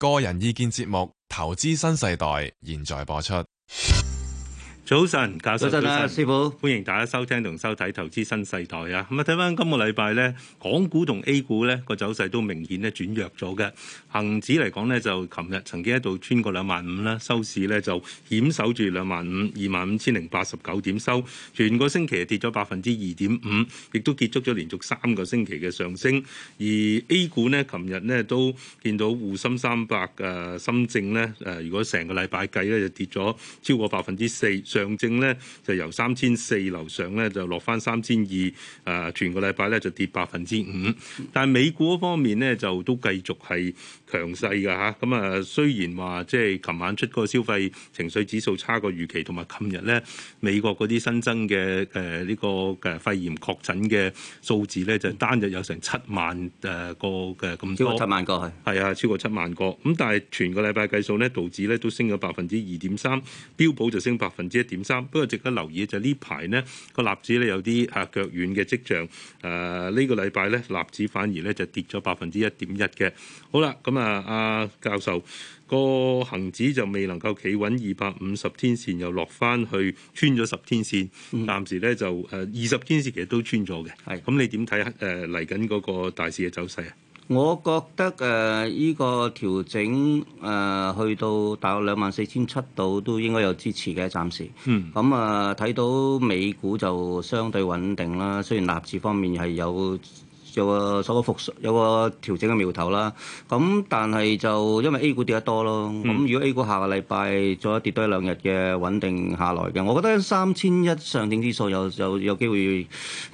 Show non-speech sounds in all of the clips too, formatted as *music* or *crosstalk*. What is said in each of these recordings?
個人意見節目《投資新世代》，現在播出。早晨，教授，早晨啊，師傅，歡迎大家收聽同收睇《投資新世代》啊！咁啊，睇翻今個禮拜咧，港股同 A 股咧個走勢都明顯咧轉弱咗嘅。恒指嚟講呢就琴日曾經一度穿過兩萬五啦，收市呢就險守住兩萬五，二萬五千零八十九點收。全個星期跌咗百分之二點五，亦都結束咗連續三個星期嘅上升。而 A 股呢，琴日呢都見到滬深三百、誒深證呢誒，如果成個禮拜計呢就跌咗超過百分之四。上證咧就由三千四樓上咧就落翻三千二，誒、呃，全個禮拜咧就跌百分之五，但係美股嗰方面咧就都繼續係。強勢嘅吓，咁啊雖然話即係琴晚出個消費情緒指數差過預期，同埋琴日咧美國嗰啲新增嘅誒呢個嘅肺炎確診嘅數字咧，就單日有成七萬誒個嘅咁多。超過七萬個係。係啊，超過七萬個。咁但係全個禮拜計數咧，道指咧都升咗百分之二點三，標普就升百分之一點三。不過值得留意就係呢排呢個納指咧有啲嚇腳軟嘅跡象。誒、呃這個、呢個禮拜咧納指反而咧就跌咗百分之一點一嘅。好啦，咁、嗯、啊～啊！阿教授，個恆指就未能夠企穩二百五十天線，又落翻去穿咗十天線，暫時咧就誒二十天線其實都穿咗嘅。係咁的，你點睇誒嚟緊嗰個大市嘅走勢啊？我覺得誒依、呃呢個調整誒、呃、去到大概兩萬四千七度都應該有支持嘅，暫時。咁啊、嗯，睇、呃、到美股就相對穩定啦。雖然納指方面係有。有個所個復有個調整嘅苗頭啦，咁但係就因為 A 股跌得多咯，咁、嗯、如果 A 股下個禮拜再跌多一兩日嘅穩定下來嘅，我覺得三千一上證指數有有有機會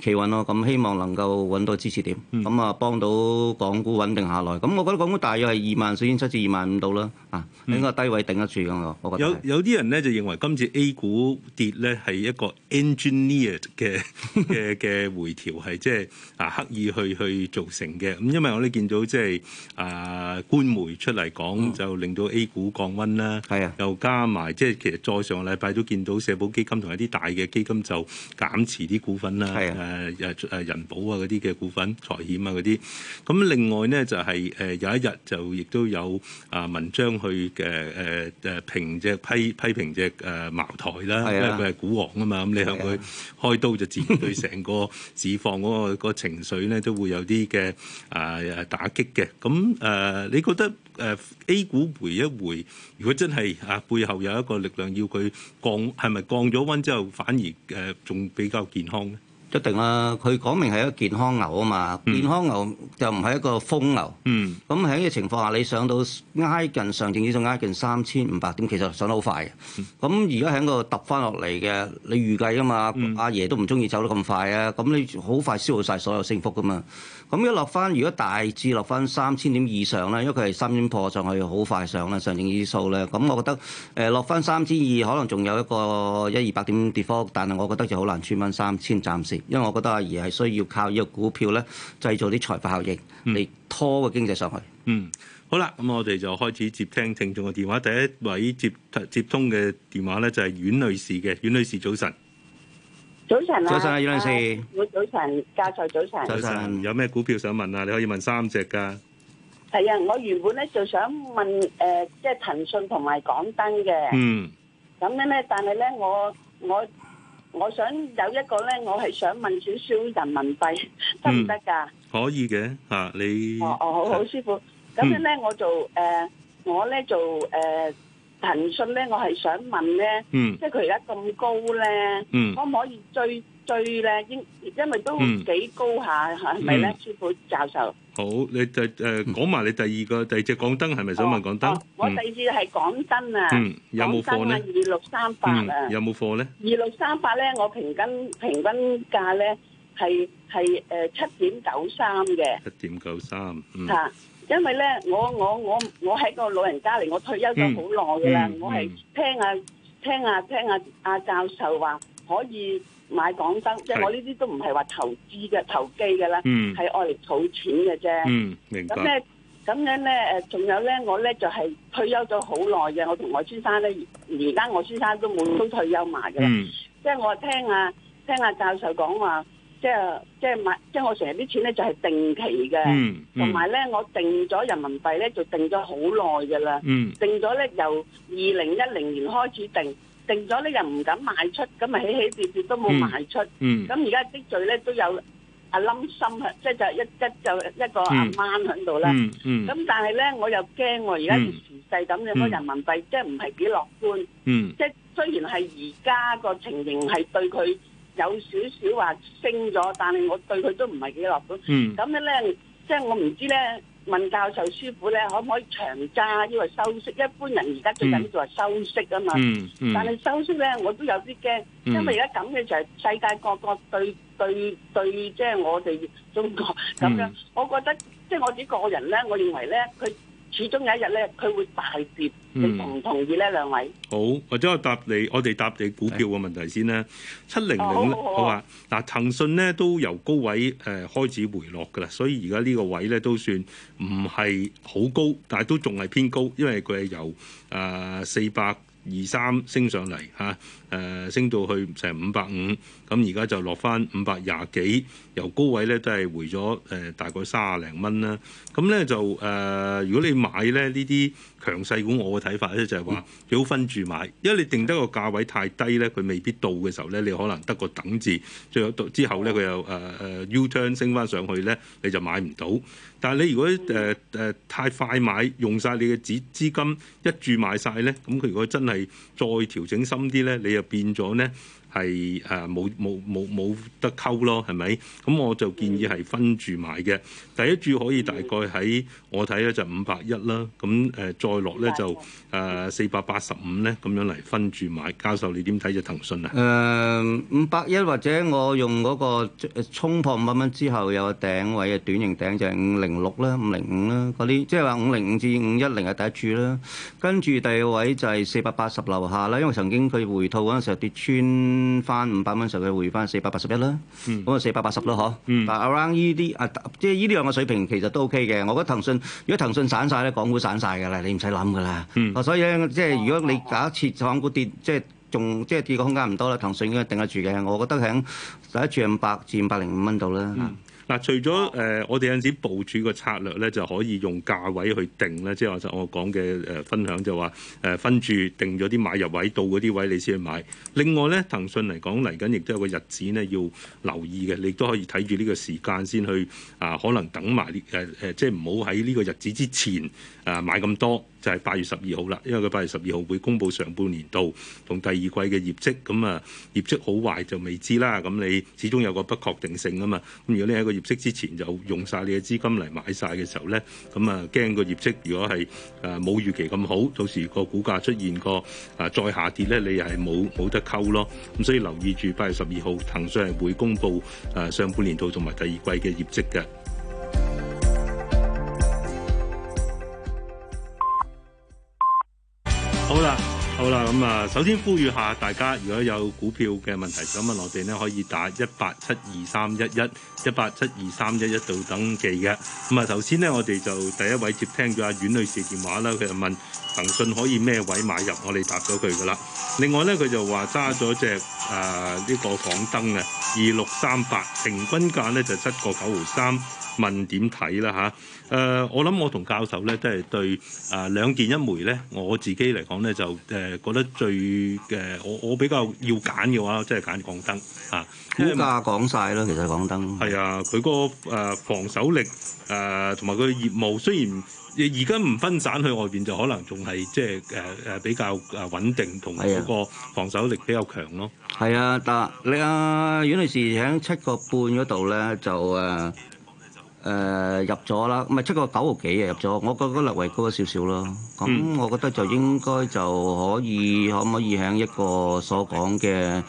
企穩咯，咁希望能夠揾到支持點，咁啊幫到港股穩定下來。咁我覺得港股大約係二萬四千七至二萬五度啦，啊應該低位頂得住咁咯，我覺得有。有有啲人咧就認為今次 A 股跌咧係一個 engineered 嘅嘅嘅回調，係即係啊刻意去。去去造成嘅咁，因為我哋見到即係啊官媒出嚟講就令到 A 股降溫啦。係啊，又加埋即係其實再上個禮拜都見到社保基金同一啲大嘅基金就減持啲股份啦。係誒誒誒人保啊嗰啲嘅股份、財險啊嗰啲。咁另外咧就係誒有一日就亦都有啊文章去嘅誒誒評隻批批評隻誒茅台啦，因為佢係股王啊嘛。咁你向佢開刀就自然對成個市況嗰個個情緒咧都會有啲嘅誒誒打擊嘅，咁誒、呃、你覺得誒、呃、A 股回一回，如果真係啊、呃、背後有一個力量要佢降，係咪降咗溫之後反而誒仲、呃、比較健康咧？一定啦、啊，佢講明係一個健康牛啊嘛，嗯、健康牛就唔係一個瘋牛。咁喺呢個情況下，你上到挨近上證指數挨近三千五百點，其實上得好快嘅。咁而家喺個揼翻落嚟嘅，你預計啊嘛，阿、嗯、爺都唔中意走得咁快啊，咁你好快消耗晒所有升幅噶嘛。咁一落翻，如果大致落翻三千點以上咧，因為佢係三千破上去好快上啦，上證指數咧。咁我覺得誒落翻三千二，呃、至 2, 可能仲有一個一二百點跌幅，但係我覺得就好難穿翻三千，暫時。因為我覺得阿爺係需要靠呢個股票咧，製造啲財富效應嚟拖個經濟上去。嗯，嗯，好啦，咁我哋就開始接聽聽眾嘅電話。第一位接接通嘅電話咧，就係阮女士嘅。阮女士早晨。早晨啊，早晨啊，先生，早早晨，教授、啊、早晨，早晨，有咩股票想問啊？你可以問三隻噶。係啊，我原本咧就想問誒、呃，即係騰訊同埋港燈嘅。嗯。咁樣咧，但係咧，我我我想有一個咧，我係想問少少人民幣得唔得噶？可以嘅，吓、啊、你。哦哦好好，好，好，師傅。咁樣咧，我做誒、呃，我咧做誒。呃騰訊咧，我係想問咧，即係佢而家咁高咧，可唔可以追追咧？因因為都幾高下，係咪咧，師傅教授？好，你第誒講埋你第二個第二隻港燈，係咪想問港燈？我第二隻係港燈啊，有冇貨咧？二六三八啊，有冇貨咧？二六三八咧，我平均平均價咧係係誒七點九三嘅。七點九三，嗯。因為咧，我我我我喺個老人家嚟，我退休咗好耐噶啦，嗯嗯、我係聽下聽下聽下阿教授話可以買港燈，是即係我呢啲都唔係話投資嘅、投機嘅啦，係愛嚟儲錢嘅啫。嗯、明白。咁咧咁樣咧誒，仲有咧我咧就係、是、退休咗好耐嘅，我同我先生咧而家我先生都冇都退休埋噶啦，嗯、即係我聽下聽下教授講話。即係即係買，即係我成日啲錢咧就係定期嘅。嗯，同埋咧我定咗人民幣咧就定咗好耐噶啦，嗯，定咗咧由二零一零年開始定，定咗咧又唔敢賣出，咁咪起起跌跌都冇賣出，嗯，咁而家積聚咧都有阿冧心啊，即係就一一就一個阿蚊響度啦，咁但係咧我又驚我而家現時勢咁樣，嗰人民幣即係唔係幾樂觀，即係雖然係而家個情形係對佢。有少少話升咗，但係我對佢都唔係幾樂觀。咁咧、嗯，即係、就是、我唔知咧，問教授師傅咧，可唔可以長揸？因為收息，一般人而家最緊要做係收息啊嘛。嗯嗯、但係收息咧，我都有啲驚，因為而家咁嘅就係世界各國對，對對對，即、就、係、是、我哋中國咁樣。嗯、我覺得即係、就是、我自己個人咧，我認為咧，佢。始終有一日咧，佢會大跌，你同唔同意呢？嗯、兩位。好，或者我，我答你，我哋答你股票嘅問題先啦。七零零咧，好，好，好，好啊。嗱，騰訊咧都由高位誒、呃、開始回落噶啦，所以而家呢個位咧都算唔係好高，但係都仲係偏高，因為佢係由誒四百二三升上嚟吓，誒、啊呃、升到去成五百五。咁而家就落翻五百廿幾，由高位咧都係回咗誒、呃、大概卅零蚊啦。咁咧就誒、呃，如果你買咧呢啲強勢股，我嘅睇法咧就係話要分住買，因為你定得個價位太低咧，佢未必到嘅時候咧，你可能得個等字，最後到之後咧佢又誒誒 U turn 升翻上去咧，你就買唔到。但係你如果誒誒、呃呃、太快買，用晒你嘅資資金一住買晒咧，咁佢如果真係再調整深啲咧，你又變咗咧。係誒冇冇冇冇得溝咯，係咪？咁、啊、我就建議係分住買嘅。第一注可以大概喺、嗯、我睇咧就五百一啦，咁誒、呃、再落咧就誒四百八十五咧，咁、呃、樣嚟分住買。教授你點睇就騰訊啊？誒五百一或者我用嗰、那個衝破五百蚊之後有個頂位嘅短型頂就係五零六啦、五零五啦嗰啲，即係話五零五至五一零係第一注啦。跟住第二位就係四百八十樓下啦，因為曾經佢回吐嗰陣時候跌穿。翻五百蚊上去回翻四百八十一啦，咁啊四百八十咯嗬。但、嗯、around 呢啲啊，即係依啲兩個水平其實都 OK 嘅。我覺得騰訊，如果騰訊散晒咧，港股散晒嘅啦，你唔使諗嘅啦。所以咧，即係如果你假設港股跌，即係仲即係跌個空間唔多啦，騰訊應該定得住嘅。我覺得喺第一住五百至五百零五蚊度啦。嗱，除咗誒、呃，我哋有陣時部署個策略咧，就可以用價位去定咧，即係我就我講嘅誒分享就話誒分注定咗啲買入位，到嗰啲位你先去買。另外咧，騰訊嚟講嚟緊亦都有個日子咧要留意嘅，你都可以睇住呢個時間先去啊、呃，可能等埋誒誒，即係唔好喺呢個日子之前啊、呃、買咁多。就係八月十二號啦，因為佢八月十二號會公布上半年度同第二季嘅業績，咁啊業績好壞就未知啦。咁你始終有個不確定性啊嘛。咁如果你喺個業績之前就用晒你嘅資金嚟買晒嘅時候咧，咁啊驚個業績如果係誒冇預期咁好，到時個股價出現個誒、呃、再下跌咧，你又係冇冇得溝咯。咁所以留意住八月十二號，騰訊係會公布誒上半年度同埋第二季嘅業績嘅。好啦，好啦，咁啊，首先呼籲下大家，如果有股票嘅問題想問我哋咧，可以打一八七二三一一一八七二三一一度登記嘅。咁啊，頭先咧我哋就第一位接聽咗阿阮女士電話啦，佢就問騰訊可以咩位買入，我哋答咗佢㗎啦。另外咧，佢就話揸咗隻。誒，呢、啊，這個港燈嘅二六三八平均價咧就七個九毫三，問點睇啦吓？誒、啊，我諗我同教授咧即係對誒兩、啊、件一枚咧，我自己嚟講咧就誒覺得最嘅、啊。我我比較要揀嘅話，即係揀港燈啊，估價講晒啦。其實港燈係啊，佢個誒防守力誒同埋佢業務雖然。而家唔分散去外邊就可能仲係即係誒誒比較誒穩定同埋嗰個防守力比較強咯。係啊，但你阿阮、呃、女士喺七個半嗰度咧就誒誒、呃、入咗啦，唔係七個九毫幾啊入咗。我覺得略為高咗少少咯。咁、嗯、我覺得就應該就可以可唔可以喺一個所講嘅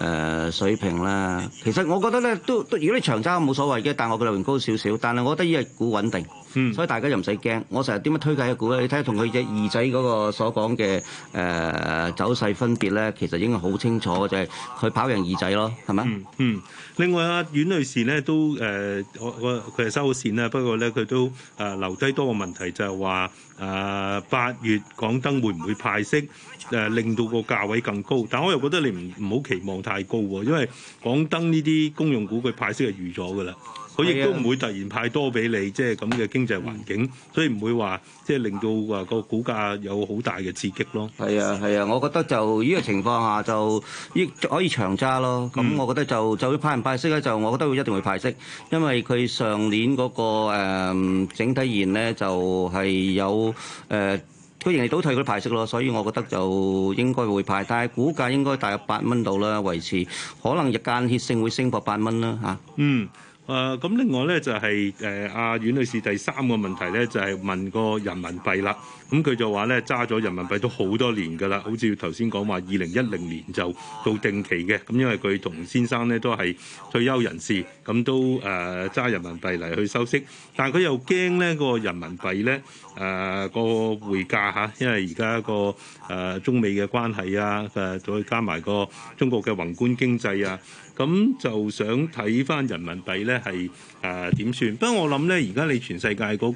誒水平咧？其實我覺得咧都都如果你長揸冇所謂嘅，但我覺得略為高少少，但係我覺得呢隻股穩定。嗯、所以大家又唔使驚，我成日點樣推介嘅股咧？你睇下同佢隻二仔嗰個所講嘅誒走勢分別咧，其實已經好清楚，就係、是、佢跑贏二仔咯，係咪、嗯？嗯。另外啊，阮女士咧都誒，我我佢係收線啦，不過咧佢都誒、呃、留低多個問題，就係話誒八月港燈會唔會派息誒、呃，令到個價位更高？但我又覺得你唔唔好期望太高喎，因為港燈呢啲公用股佢派息係預咗㗎啦。佢亦都唔會突然派多俾你，即係咁嘅經濟環境，所以唔會話即係令到話個股價有好大嘅刺激咯。係啊，係啊，我覺得就呢個情況下就亦可以長揸咯。咁、嗯、我覺得就就於派唔派息咧，就我覺得會一定會派息，因為佢上年嗰、那個、呃、整體現咧就係、是、有誒佢盈利倒退，佢派息咯。所以我覺得就應該會派，但係股價應該大約八蚊度啦，維持可能日間歇性會升過八蚊啦嚇。啊、嗯。誒咁、呃、另外咧就係誒阿阮女士第三個問題咧就係、是、問個人民幣啦。咁佢、嗯、就話咧揸咗人民幣都好多年㗎啦，好似頭先講話，二零一零年就到定期嘅。咁因為佢同先生咧都係退休人士，咁都誒揸、呃、人民幣嚟去收息。但係佢又驚咧、個人民幣咧誒個匯價吓，因為而家、個誒、呃、中美嘅關係啊，誒再加埋個中國嘅宏觀經濟啊，咁就想睇翻人民幣咧係誒點算。不過我諗咧，而家你全世界個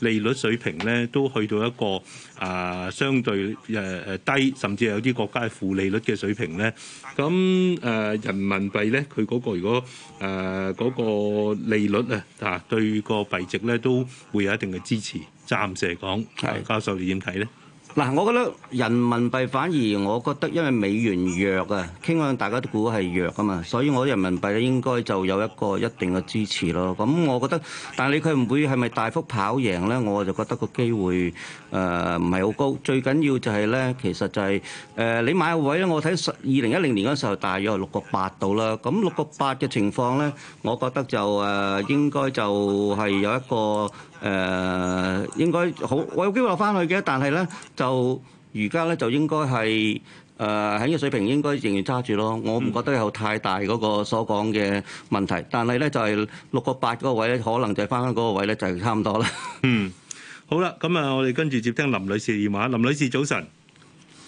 利率水平咧都去到一個。個啊、呃、相對誒誒低，甚至有啲國家係負利率嘅水平咧。咁誒、呃、人民幣咧，佢嗰、嗰個如果誒嗰個利率啊吓，對個幣值咧都會有一定嘅支持。暫時嚟講，係是、呃、教授你點睇咧？嗱，我覺得人民幣反而，我覺得因為美元弱啊，傾向大家都估係弱啊嘛，所以我啲人民幣咧應該就有一個一定嘅支持咯。咁我覺得，但係你佢唔會係咪大幅跑贏咧？我就覺得個機會誒唔係好高。最緊要就係咧，其實就係誒你買個位咧，我睇二零一零年嗰時候大約係六個八度啦。咁六個八嘅情況咧，我覺得就誒應該就係有一個。誒應該好，我有機會落翻去嘅，但係咧就而家咧就應該係誒喺呢個水平應該仍然揸住咯。我唔覺得有太大嗰個所講嘅問題，但係咧就係六個八嗰個位咧，可能就係翻返嗰個位咧，就係差唔多啦。嗯，好啦，咁啊，我哋跟住接聽林女士電話。林女士早晨。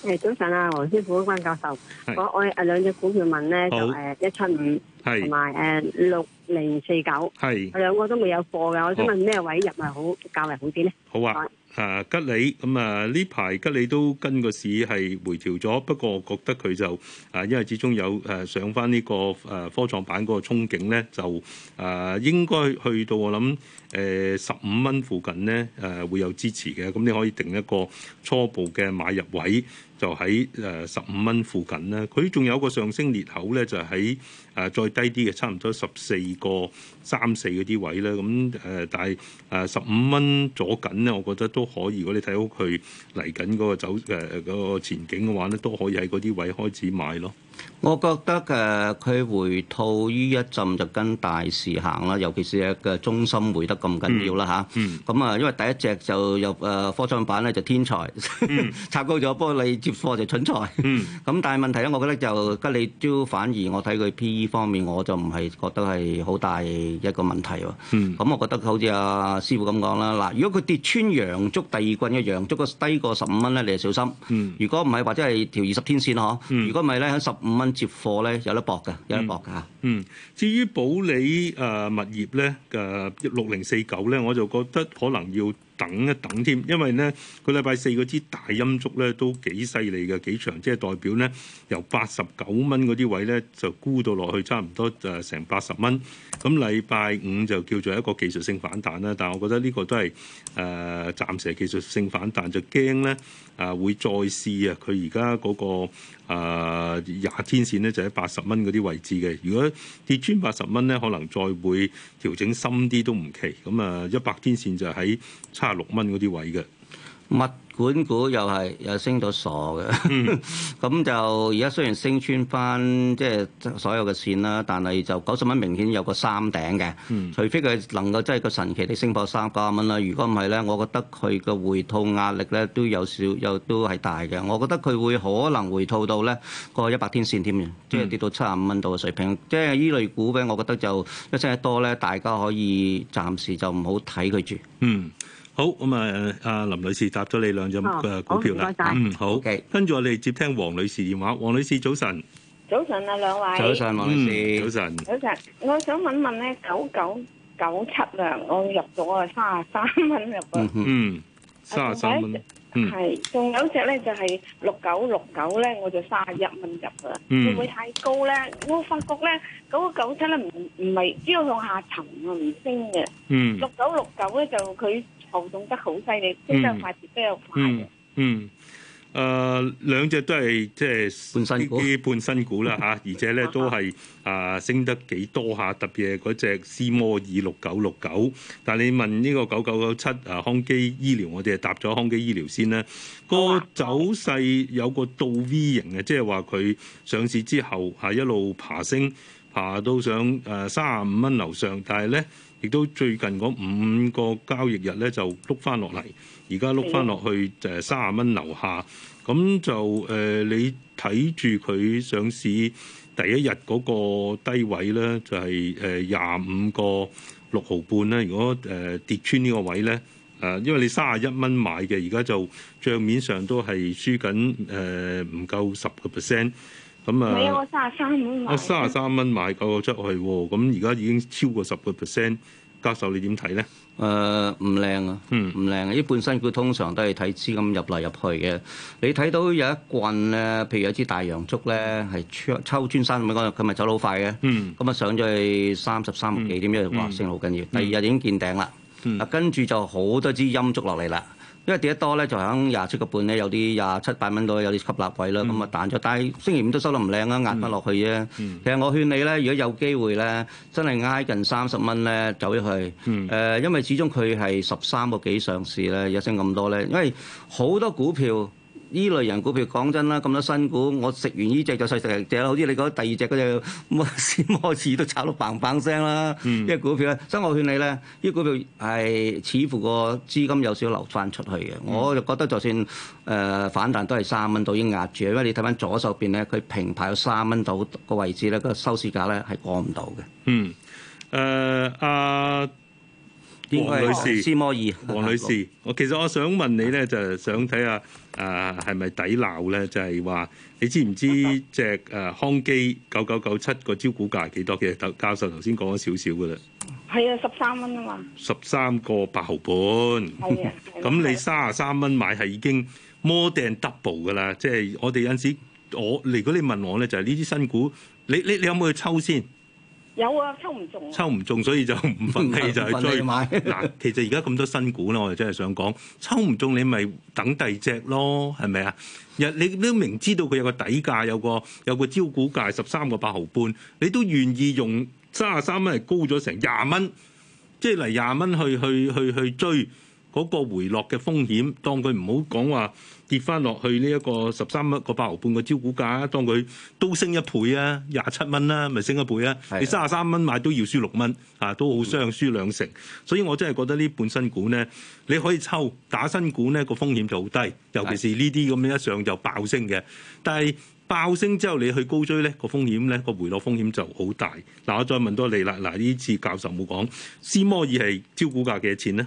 誒，早晨啊，黃師傅、關教授，我我兩隻股票問咧就誒一七五，同埋誒六。零四九係，是我兩個都未有貨嘅，我想問咩位入咪好較為好啲咧？好啊，誒，吉利咁、嗯、啊，呢排吉利都跟個市係回調咗，不過覺得佢就啊，因為始終有誒、啊、上翻呢、這個誒、啊、科創板嗰個憧憬咧，就啊應該去到我諗誒十五蚊附近咧誒、啊、會有支持嘅，咁你可以定一個初步嘅買入位，就喺誒十五蚊附近咧。佢仲有個上升裂口咧，就喺、是。誒、啊、再低啲嘅，差唔多十四個三四嗰啲位咧，咁誒、呃、但係誒十五蚊左緊咧，我覺得都可以。如果你睇到佢嚟緊嗰個走誒嗰、呃那個、前景嘅話咧，都可以喺嗰啲位開始買咯。我覺得誒佢、呃、回吐於一陣就跟大市行啦，尤其是隻嘅中芯回得咁緊要啦吓咁啊，因為第一隻就入誒、呃、科創板咧就天才、嗯、 *laughs* 插高咗，不過你接貨就蠢材。咁但係問題咧，我覺得就吉利椒反而我睇佢 P E。呢方面我就唔係覺得係好大一個問題喎。咁、嗯、我覺得好似阿、啊、師傅咁講啦，嗱，如果佢跌穿陽燭第二棍嘅陽燭個低過十五蚊咧，你就小心。如果唔係或者係調二十天線嗬。如果唔係咧，喺十五蚊接貨咧有得搏㗎，有得搏㗎嚇。嗯，至於保利誒物業咧嘅六零四九咧，我就覺得可能要。等一等添，因為咧，佢禮拜四嗰支大陰燭咧都幾犀利嘅，幾長，即係代表咧由八十九蚊嗰啲位咧就沽到落去差唔多誒、呃、成八十蚊。咁禮拜五就叫做一個技術性反彈啦，但係我覺得呢個都係誒暫時技術性反彈，就驚咧啊會再試啊佢而家嗰個。誒廿、uh, 天線咧就喺八十蚊嗰啲位置嘅。如果跌穿八十蚊咧，可能再會調整深啲都唔奇。咁啊，一、uh, 百天線就喺七十六蚊嗰啲位嘅。乜、嗯？港股又係又升咗傻嘅，咁 *laughs* 就而家雖然升穿翻即係所有嘅線啦，但係就九十蚊明顯有個三頂嘅。嗯、除非佢能夠真係個神奇地升破三九啊蚊啦。如果唔係咧，我覺得佢個回吐壓力咧都有少有都係大嘅。我覺得佢會可能回吐到咧個一百天線添，即係跌到七十五蚊度嘅水平。嗯、即係依類股咧，我覺得就一升得多咧，大家可以暫時就唔好睇佢住。嗯。好，咁啊，阿林女士答咗你兩隻誒股票啦。嗯，好，跟住我哋接聽王女士電話。王女士早晨，早晨啊兩位。早晨，王女士早晨。早晨，我想問問咧，九九九七啊，我入咗啊，三十三蚊入嘅。嗯，三十三蚊。係，仲有一隻咧就係六九六九咧，我就三十一蚊入嘅。會唔會太高咧？我發覺咧，九九九七咧唔唔係只有向下沉啊，唔升嘅。嗯。六九六九咧就佢。暴動得好犀利，即係發展非常快嘅。嗯嗯，誒兩隻都係即係啲半新股啦嚇、啊，而且咧都係誒、啊、升得幾多下，特別係嗰隻思摩爾六九六九。9，但係你問呢個九九九七啊康基醫療，我哋係答咗康基醫療先啦。個走勢有個倒 V 型嘅，即係話佢上市之後嚇、啊、一路爬升，爬到上誒三十五蚊樓上，但係咧，亦都最近嗰五個交易日咧就碌翻落嚟，而家碌翻落去就係三十蚊樓下，咁就誒、呃、你睇住佢上市第一日嗰個低位咧，就係誒廿五個六毫半咧。如果誒、呃、跌穿呢個位咧，誒、呃、因為你三十一蚊買嘅，而家就帳面上都係輸緊誒唔夠十個 percent。呃唔、嗯嗯、啊！我三十三蚊買，我三十三蚊買夠咗出去喎。咁而家已經超過十個 percent 加收，你點睇咧？誒唔靚啊，唔靚、嗯、啊！啲半新股通常都係睇資金入嚟入去嘅。你睇到有一棍咧，譬如有支大陽燭咧，係抽抽穿山，咁好佢咪走得好快嘅。嗯，咁啊上咗去三十三幾點，點知、嗯、哇升得好緊要。第二日已經見頂啦。嗯，啊、跟住就好多支陰燭落嚟啦。因為跌得多咧，就響廿七個半咧，有啲廿七八蚊到，有啲吸納位啦。咁啊、嗯、彈咗，但係星期五都收得唔靚啊，壓不落去啫。嗯、其實我勸你咧，如果有機會咧，真係挨近三十蚊咧，走入去、嗯呃。因為始終佢係十三個幾上市咧，而家升咁多咧，因為好多股票。呢類人股票，譬如講真啦，咁多新股，我食完呢隻就細食隻啦，好似你覺得第二隻嗰隻，咁啊先開始都炒到 bang bang 聲啦，一、嗯、股票啦。所以我勸你咧，呢股票係似乎個資金有少少流翻出去嘅。我就覺得就算誒、呃、反彈都係三蚊到已經壓住，因為你睇翻左手邊咧，佢平排有三蚊到個位置咧，個收市價咧係過唔到嘅。嗯，誒、呃、啊！呃王女士，摩爾，王女士，我其實我想問你咧，就係想睇下誒係咪抵鬧咧？就係、是、話你知唔知隻誒康基九九九七個招股價幾多嘅？教授頭先講咗少少嘅啦。係啊，十三蚊啊嘛。十三個八毫半，咁 *laughs* 你三啊三蚊買係已經 more than double 嘅啦。即、就、係、是、我哋有陣時，我如果你問我咧，就係呢啲新股，你你你有冇去抽先？有啊，抽唔中啊。抽唔中，所以就唔忿氣，就去追。嗱， *laughs* 其實而家咁多新股咧，我哋真係想講，抽唔中你咪等第隻咯，係咪啊？日你都明知道佢有個底價，有個有個招股價十三個八毫半，你都願意用三十三蚊嚟高咗成廿蚊，即係嚟廿蚊去去去去追嗰個回落嘅風險，當佢唔好講話。跌翻落去呢一個十三蚊個八毫半個招股價，當佢都升一倍啊，廿七蚊啦，咪升一倍啊！你三十三蚊買都要輸六蚊，啊，都好傷，輸兩成。所以我真係覺得半身呢半新股咧，你可以抽打新股咧個風險就好低，尤其是呢啲咁樣一上就爆升嘅。但係爆升之後你去高追咧個風險咧個回落風險就好大。嗱，我再問多你啦。嗱，呢次教授冇講斯摩爾係招股價幾多錢咧？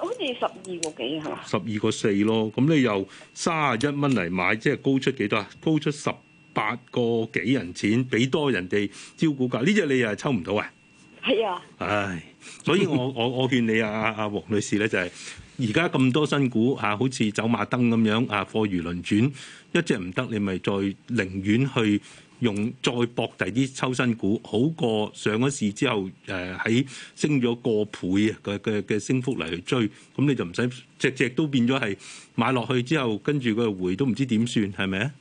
好似十二個幾係嘛？十二個四咯，咁你又三十一蚊嚟買，即係高出幾多啊？高出十八個幾人錢，畀多人哋招股價，呢隻你又係抽唔到啊？係啊！唉，所以我我我勸你啊啊啊黃女士咧，就係而家咁多新股嚇，好似走馬燈咁樣啊，貨如輪轉，一隻唔得，你咪再寧願去。用再搏第啲抽身股，好過上咗市之後，誒、呃，喺升咗個倍啊，嘅嘅嘅升幅嚟去追，咁你就唔使隻隻都變咗係買落去之後，跟住佢回都唔知點算，係咪啊？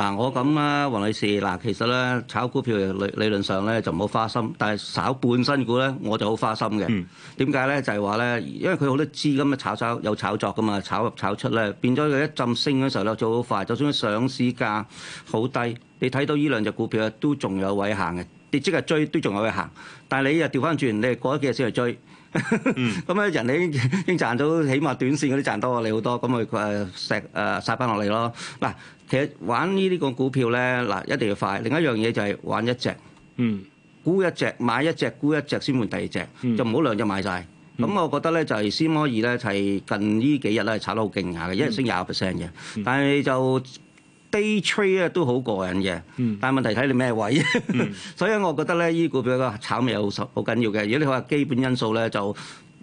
嗱，我咁啦，黃女士，嗱，其實咧炒股票理理論上咧就唔好花心，但係炒半新股咧我就好花心嘅。點解咧？就係話咧，因為佢好多資金啊，炒炒有炒作噶嘛，炒入炒出咧，變咗佢一浸升嘅時候咧，做好快，就算佢上市價好低，你睇到依兩隻股票都仲有位行嘅，你即係追都仲有位行，但係你又調翻轉，你過咗幾日先去追。咁咧， *laughs* 人哋已經賺到起碼短線嗰啲賺多你好多，咁咪誒嘥誒嘥翻落嚟咯。嗱、呃，其實玩呢啲個股票咧，嗱一定要快。另一樣嘢就係玩一隻，沽、嗯、一隻買一隻沽一隻先換第二隻，嗯、就唔好兩隻買晒。咁、嗯、我覺得咧就係斯摩爾咧係近呢幾日咧炒得好勁下嘅，一日升廿 percent 嘅，嗯嗯、但係就。Day trade 咧都好過癮嘅，嗯、但係問題，睇你咩位，嗯、 *laughs* 所以我覺得咧呢股票嘅炒味好十好緊要嘅。如果你話基本因素咧就。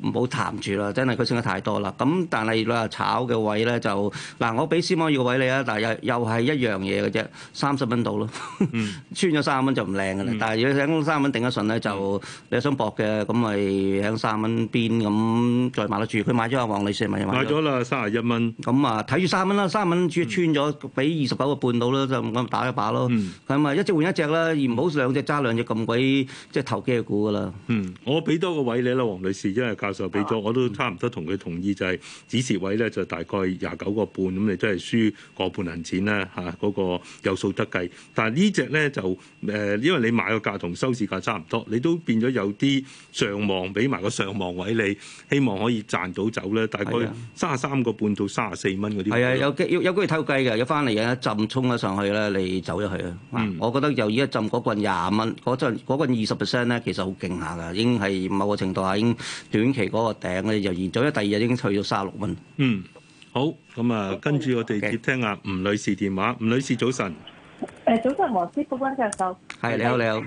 唔好談住啦，真係佢升得太多啦。咁但係啦，炒嘅位咧就嗱，我俾斯摩個位你啊，但係又又係一樣嘢嘅啫，三十蚊到咯，嗯、 *laughs* 穿咗三十蚊就唔靚嘅啦。嗯、但係如果想三十蚊定一順咧，嗯、就你想搏嘅咁咪喺三十蚊邊咁再買得住。佢買咗阿黃女士咪？買咗啦，三十一蚊。咁啊 31，睇住三十蚊啦，三十蚊穿穿咗，俾二十九個半到啦，就咁打一把咯。咁啊、嗯嗯，一隻換一隻啦，而唔好兩隻揸兩隻咁鬼即係投機嘅股噶啦、嗯嗯。我俾多個位你啦，黃女士，因為。教授俾咗我都差唔多同佢同意，就係止蝕位咧就大概廿九個半，咁你真係輸個半銀錢啦嚇。嗰個有數得計，但係呢隻咧就呃，因為你買個價同收市價差唔多，你都變咗有啲上望，俾埋個上望位你，希望可以賺到走咧。大概卅三個半到卅四蚊嗰啲。係啊，有有有機會偷雞嘅，一翻嚟嘅一浸衝咗上去啦，你走咗去啊。嗯，我覺得由依一浸嗰陣廿蚊，嗰棍二十 percent 咧，其實好勁下噶，已經係某個程度係已經短期嗰個頂咧又延續，因為第二日已經退咗三十六蚊。嗯，好，咁、嗯、啊，跟、嗯、住我哋接聽啊，吳女士電話。吳女士早晨。誒，早晨，黃師傅，歡迎收。係，你好，你好。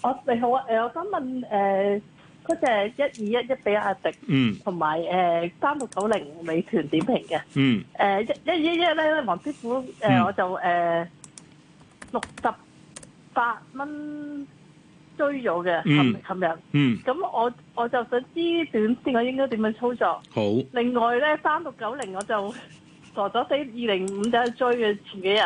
我你好啊，誒、呃，我想問誒，嗰隻一二一一比亞迪。嗯。同埋誒三六九零美團點評嘅。嗯。誒一一一一咧，黃師傅，誒我就誒六十八蚊追咗嘅，琴日，咁、嗯嗯、我我就想知短線我應該點樣操作？好。另外咧，三六九零我就傻咗死、就是，二零五就追嘅前幾日。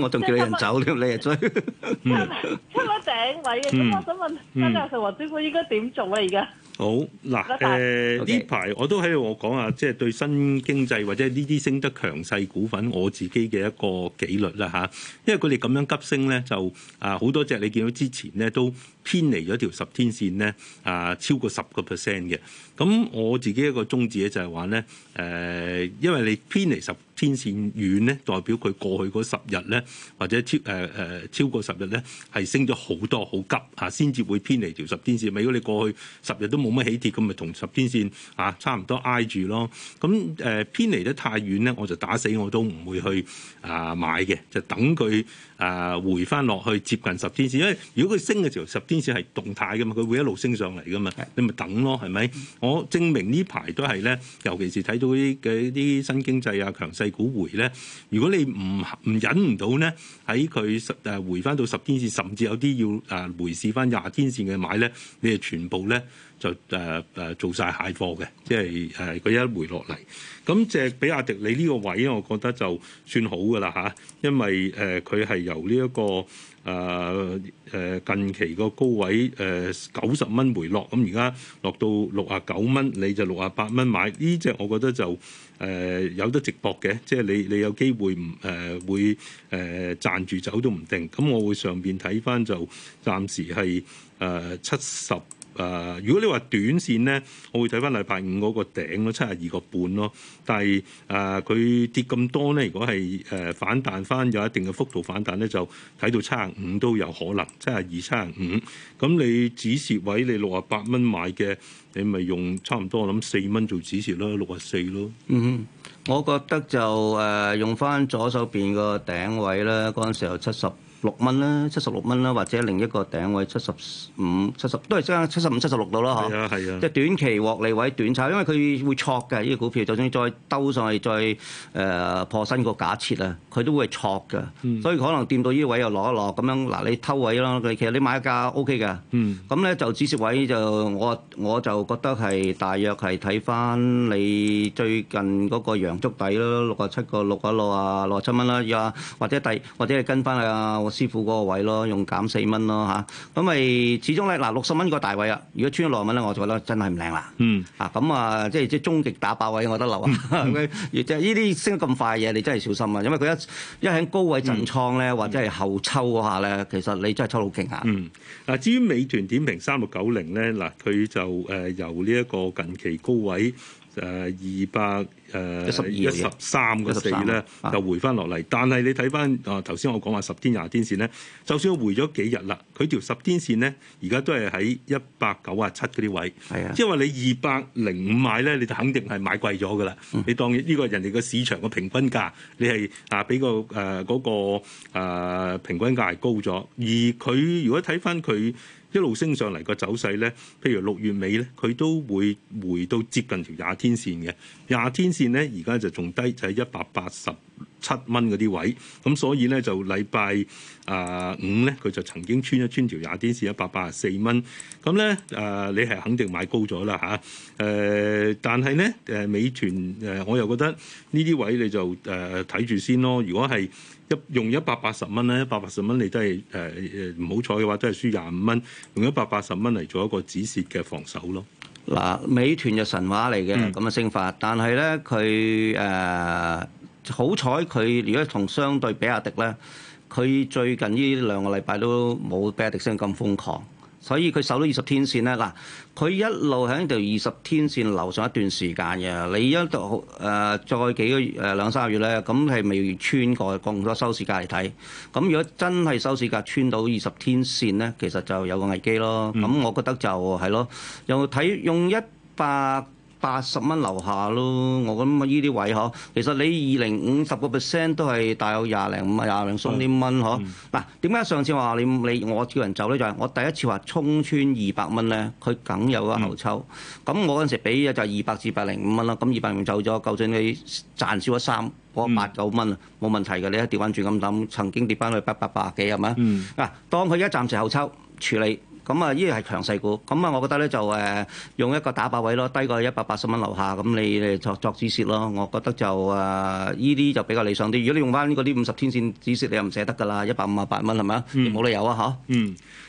我仲叫人走添，你又追。出咗、就是、頂位，嗯、我想問，今日財務主管應該點做啊？而家好嗱，誒呢排我都喺度，我講下即係對新經濟或者呢啲升得強勢股份，我自己嘅一個紀律啦嚇、啊，因為佢哋咁樣急升咧，就啊好多隻你見到之前咧都。偏離咗條十天線咧，啊、呃、超過十個 percent 嘅，咁我自己一個宗旨咧就係話咧，誒、呃，因為你偏離十。天線遠咧，代表佢過去嗰十日咧，或者超誒誒、呃、超過十日咧，係升咗好多好急嚇，先、啊、至會偏離條十天線咪、啊、如果你過去十日都冇乜起跌，咁咪同十天線啊差唔多挨住咯。咁誒偏離得太遠咧，我就打死我都唔會去啊買嘅，就等佢誒、啊、回翻落去接近十天線，因為如果佢升嘅時候，十天線係動態嘅嘛，佢會一路升上嚟嘅嘛，是的 你咪等咯，係咪？嗯、我證明呢排都係咧，尤其是睇到嗰啲嗰啲新經濟啊、強勢。股回咧，如果你唔唔忍唔到咧，喺佢十誒回翻到十天線，甚至有啲要誒回試翻廿天線嘅買咧，你係全部咧就誒誒、呃、做晒蟹貨嘅，即係誒佢一回落嚟。咁隻比亞迪，你呢個位我覺得就算好噶啦嚇，因為誒佢係由呢、這、一個。誒誒近期個高位誒九十蚊回落，咁而家落到六啊九蚊，你就六啊八蚊買，呢隻我覺得就誒、呃、有得值博嘅，即係你你有機會唔誒、呃、會誒、呃、賺住走都唔定，咁我會上面睇返就暫時係誒七十。呃誒、呃，如果你話短線咧，我會睇翻禮拜五嗰個頂咯，七十二個半咯。但係誒，佢跌咁多咧，如果係誒反彈翻，有一定嘅幅度反彈咧，就睇到七十五都有可能，七十二、七十五。咁你止蝕位，你六十八蚊買嘅，你咪用差唔多，我諗四蚊做止蝕咯，六十四咯。嗯，我覺得就誒、呃、用翻左手邊個頂位啦，嗰陣時候七十六蚊啦，七十六蚊啦，或者另一個頂位七十五、七十，都係將七十五、七十六度啦，嚇。係啊，係啊。即係短期獲利位短炒，因為佢會錯嘅呢個股票，就算再兜上去再誒、呃、破新個假設啊，佢都會錯嘅。嗯、所以可能掂到呢個位又攞一攞咁樣嗱，你偷位啦。佢其實你買一價 O K 嘅。Okay、嗯。咁咧就止蝕位就我我就覺得係大約係睇翻你最近嗰個陽燭底咯，六啊七個六啊六啊六啊七蚊啦，或者第或者係跟翻去啊。我師傅嗰個位咯，用減四蚊咯嚇，咁、啊、咪始終咧嗱六十蚊個大位啊！如果穿咗六十蚊咧，我就覺得真係唔靚啦。嗯，啊咁啊，即係即係終極打爆位，我得留啊！即係呢啲升得咁快嘢，你真係小心啊！因為佢一一喺高位震倉咧，嗯、或者係後抽嗰下咧，其實你真係抽到勁啊！嗯，嗱，至於美團點評三六九零咧，嗱佢就誒由呢一個近期高位。誒二百誒一十三個四咧，就回翻落嚟。但係你睇翻啊，頭、呃、先我講話十天廿天線咧，就算回咗幾日啦，佢條十天線咧，而家都係喺一百九啊七嗰啲位。係啊的，即係話你二百零五買咧，你就肯定係買貴咗噶啦。 *noise* 你當然呢個人哋個市場個平均價，你係啊比、嗰個誒嗰、呃嗰個、呃、平均價係高咗。而佢如果睇翻佢。一路升上嚟個走勢咧，譬如六月尾咧，佢都會回到接近條廿天線嘅廿天線咧，而家就仲低就係一百八十。七蚊嗰啲位，咁所以咧就禮拜啊五咧，佢就曾經穿一穿條廿天線一百八十四蚊，咁咧誒你係肯定買高咗啦嚇誒，但係咧誒美團誒，我又覺得呢啲位你就誒睇住先咯。如果係一用一百八十蚊咧，一百八十蚊你都係誒唔好彩嘅話，都係輸廿五蚊。用一百八十蚊嚟做一個止蝕嘅防守咯。嗱，美團就神話嚟嘅咁啊升發，但係咧佢誒。好彩佢如果同相對比亞迪咧，佢最近呢兩個禮拜都冇比亞迪升得咁瘋狂，所以佢守到二十天線咧。嗱，佢一路喺呢條二十天線流上一段時間嘅，你一路誒、呃、再幾個誒兩、呃、三個月咧，咁係未穿過。講咗收市價嚟睇，咁如果真係收市價穿到二十天線咧，其實就有個危機咯。咁、嗯、我覺得就係咯，又睇用一百八十蚊留下咯，我諗呢啲位嗬，其實你二零五十個 percent 都係大有廿零五、廿零送啲蚊嗬。嗱，點 *noise* 解樂、啊、上次話你你我叫人走咧？就係、是、我第一次話衝穿二百蚊咧，佢梗有個後抽。咁 *music* 我嗰陣時俾嘢就係二百至百零五蚊啦。咁二百零五走咗，就算你賺少咗三八九蚊，冇問題嘅。你一調翻轉咁諗，曾經跌翻去八百八百,百幾係咪 *music* 啊？嗱，當佢一暫時後抽處理。咁啊，依個係強勢股，咁啊，我覺得咧就誒、呃、用一個打靶位咯，低過一百八十蚊樓下，咁你哋作作止蝕咯，我覺得就誒依啲就比較理想啲。如果你用翻嗰啲五十天線止蝕，你捨、嗯、又唔捨得㗎啦，一百五啊八蚊係咪啊？冇理由啊嚇。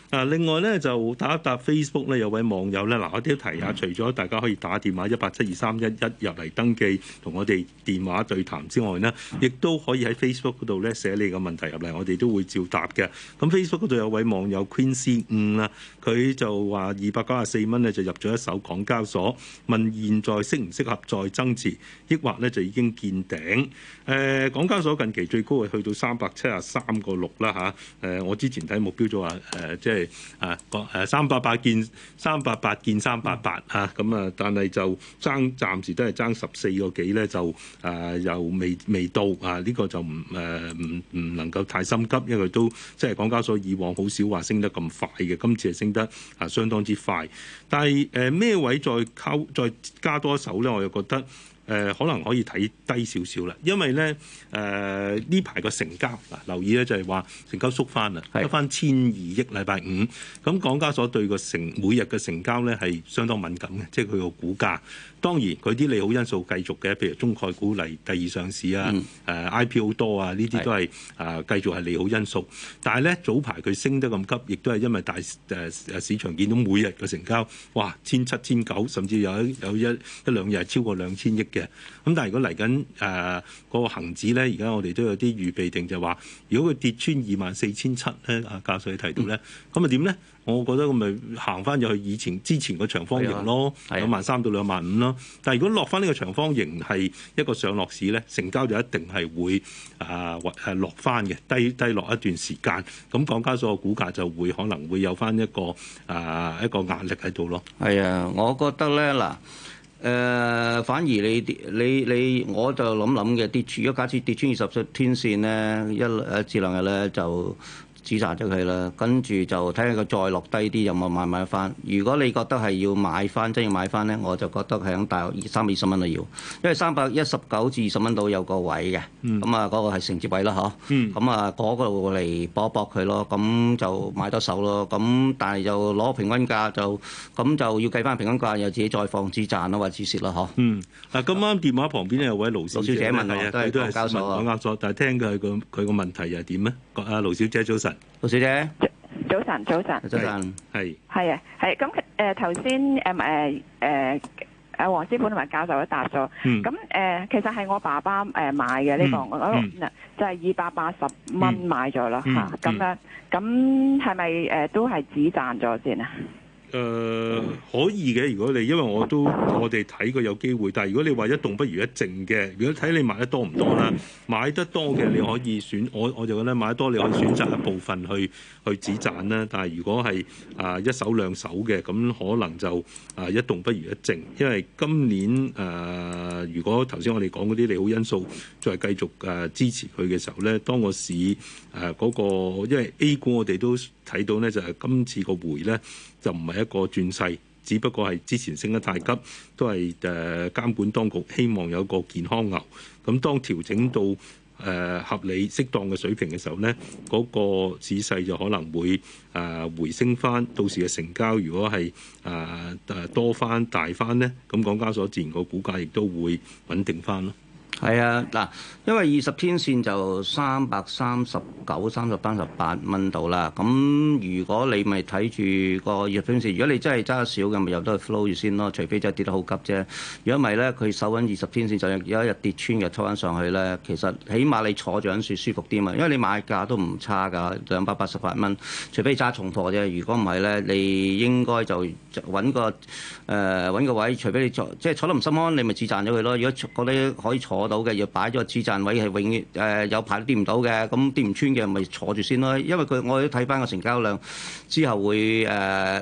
啊！另外咧就打一打 Facebook 咧，有位網友咧，嗱，我都提下，除咗大家可以打電話一八七二三一一入嚟登記同我哋電話對談之外呢，亦都可以喺 Facebook 度咧寫你嘅問題入嚟，我哋都會照答嘅。咁 Facebook 度有位網友 Queen C 五啦，佢就話二百九十四蚊咧就入咗一手港交所，問現在適唔適合再增持，抑或呢就已經見頂？誒、呃，港交所近期最高係去到三百七十三個六啦嚇。誒，我之前睇目標就話誒即係。誒、啊啊，三百八,八件，三百八,八件三八八，三百八啊，咁啊，但係就爭，暫時都係爭十四個幾呢，就啊，又未未到啊，呢、這個就唔誒，唔、啊、唔能夠太心急，因為都即係、就是、港交所以往好少話升得咁快嘅，今次係升得啊相當之快，但係誒咩位再再加多一手呢？我又覺得。誒可能可以睇低少少啦，因為咧誒呢排個、呃、成交嗱留意咧就係話成交縮翻啦，得翻千二億，禮拜五。咁港交所對個成每日嘅成交咧係相當敏感嘅，即係佢個股價。當然佢啲利好因素繼續嘅，譬如中概股嚟第二上市、嗯、啊，誒 IP 好多啊，呢啲都係誒繼續係利好因素。但係咧早排佢升得咁急，亦都係因為大誒誒、啊、市場見到每日嘅成交，哇千七千九，1, 7, 9, 8, 9, 甚至有一有一有一兩日係超過兩千億。咁但係如果嚟緊誒個恒指咧，而家我哋都有啲預備定，就係話如果佢跌穿二萬四千七咧，阿駕駛你提到咧，咁啊點咧？我覺得咁咪行翻入去以前之前個長方形咯，兩萬三到兩萬五咯。但係如果落翻呢個長方形係一個上落市咧，成交就一定係會啊或係落翻嘅，低低落一段時間，咁港交所個股價就會可能會有翻一個啊一個壓力喺度咯。係啊，我覺得咧嗱。誒、呃，反而你跌，你你我就諗諗嘅跌，如果假設跌穿二十線天線咧，一誒至兩日咧就。止賺咗佢啦，跟住就睇下佢再落低啲有冇買買翻。如果你覺得係要買翻，真係要買翻咧，我就覺得喺大約三百二十蚊度要，因為三百一十九至二十蚊度有個位嘅。咁啊、嗯，嗰個係承接位咯，嗬、嗯。咁啊，嗰、嗰個嚟博一博佢咯，咁就買得手咯。咁但係就攞平均價就咁就要計翻平均價，又自己再放止賺或者啊或止蝕啦，嗬。嗯。嗱，今晚電話旁邊有位盧小姐，盧小姐問我，係啊是，佢都係教授。講交所，但係聽佢個佢個問題又係點咧？阿盧小姐早晨。盧小姐，早晨，早晨，早晨，係，係啊，係。咁誒頭先誒誒誒，黃黃、呃呃呃、師傅同埋教授都答咗。咁誒、嗯嗯嗯、其實係我爸爸誒買嘅呢、這個，我度、嗯、就係二百八十蚊買咗啦吓，咁樣咁係咪誒都係止賺咗先啊？誒、呃、可以嘅，如果你因為我都我哋睇過有機會，但係如果你話一動不如一靜嘅，如果睇你買得多唔多啦，買得多嘅你可以選，我我就覺得買得多你可以選擇一部分去去止賺啦。但係如果係啊、呃、一手兩手嘅，咁可能就啊、呃、一動不如一靜，因為今年誒、呃、如果頭先我哋講嗰啲利好因素再繼續誒、呃、支持佢嘅時候咧，當個市。誒嗰個，因為 A 股我哋都睇到呢，就係今次個回呢，就唔係一個轉勢，只不過係之前升得太急，都係誒監管當局希望有個健康牛。咁當調整到誒合理適當嘅水平嘅時候呢嗰、那個市勢就可能會誒回升翻。到時嘅成交如果係誒誒多翻大翻呢，咁港交所自然個股價亦都會穩定翻咯。係啊，嗱，因為二十天線就三百三十九、三百三十八蚊度啦。咁如果你咪睇住個二十天線，如果你真係揸得少嘅，咪入多個 flow 住先咯。除非真係跌得好急啫。如果唔係咧，佢守穩二十天線就有一日跌穿，又抽翻上去咧，其實起碼你坐住喺度舒服啲嘛。因為你買價都唔差㗎，兩百八十八蚊。除非揸重貨啫。如果唔係咧，你應該就揾個誒揾、呃、個位，除非你坐即係坐得唔心安，你咪止賺咗佢咯。如果覺得可以坐，到嘅又擺咗止賺位係永遠誒、呃、有排都掂唔到嘅，咁掂唔穿嘅咪坐住先咯。因為佢我睇翻個成交量之後會誒嗱、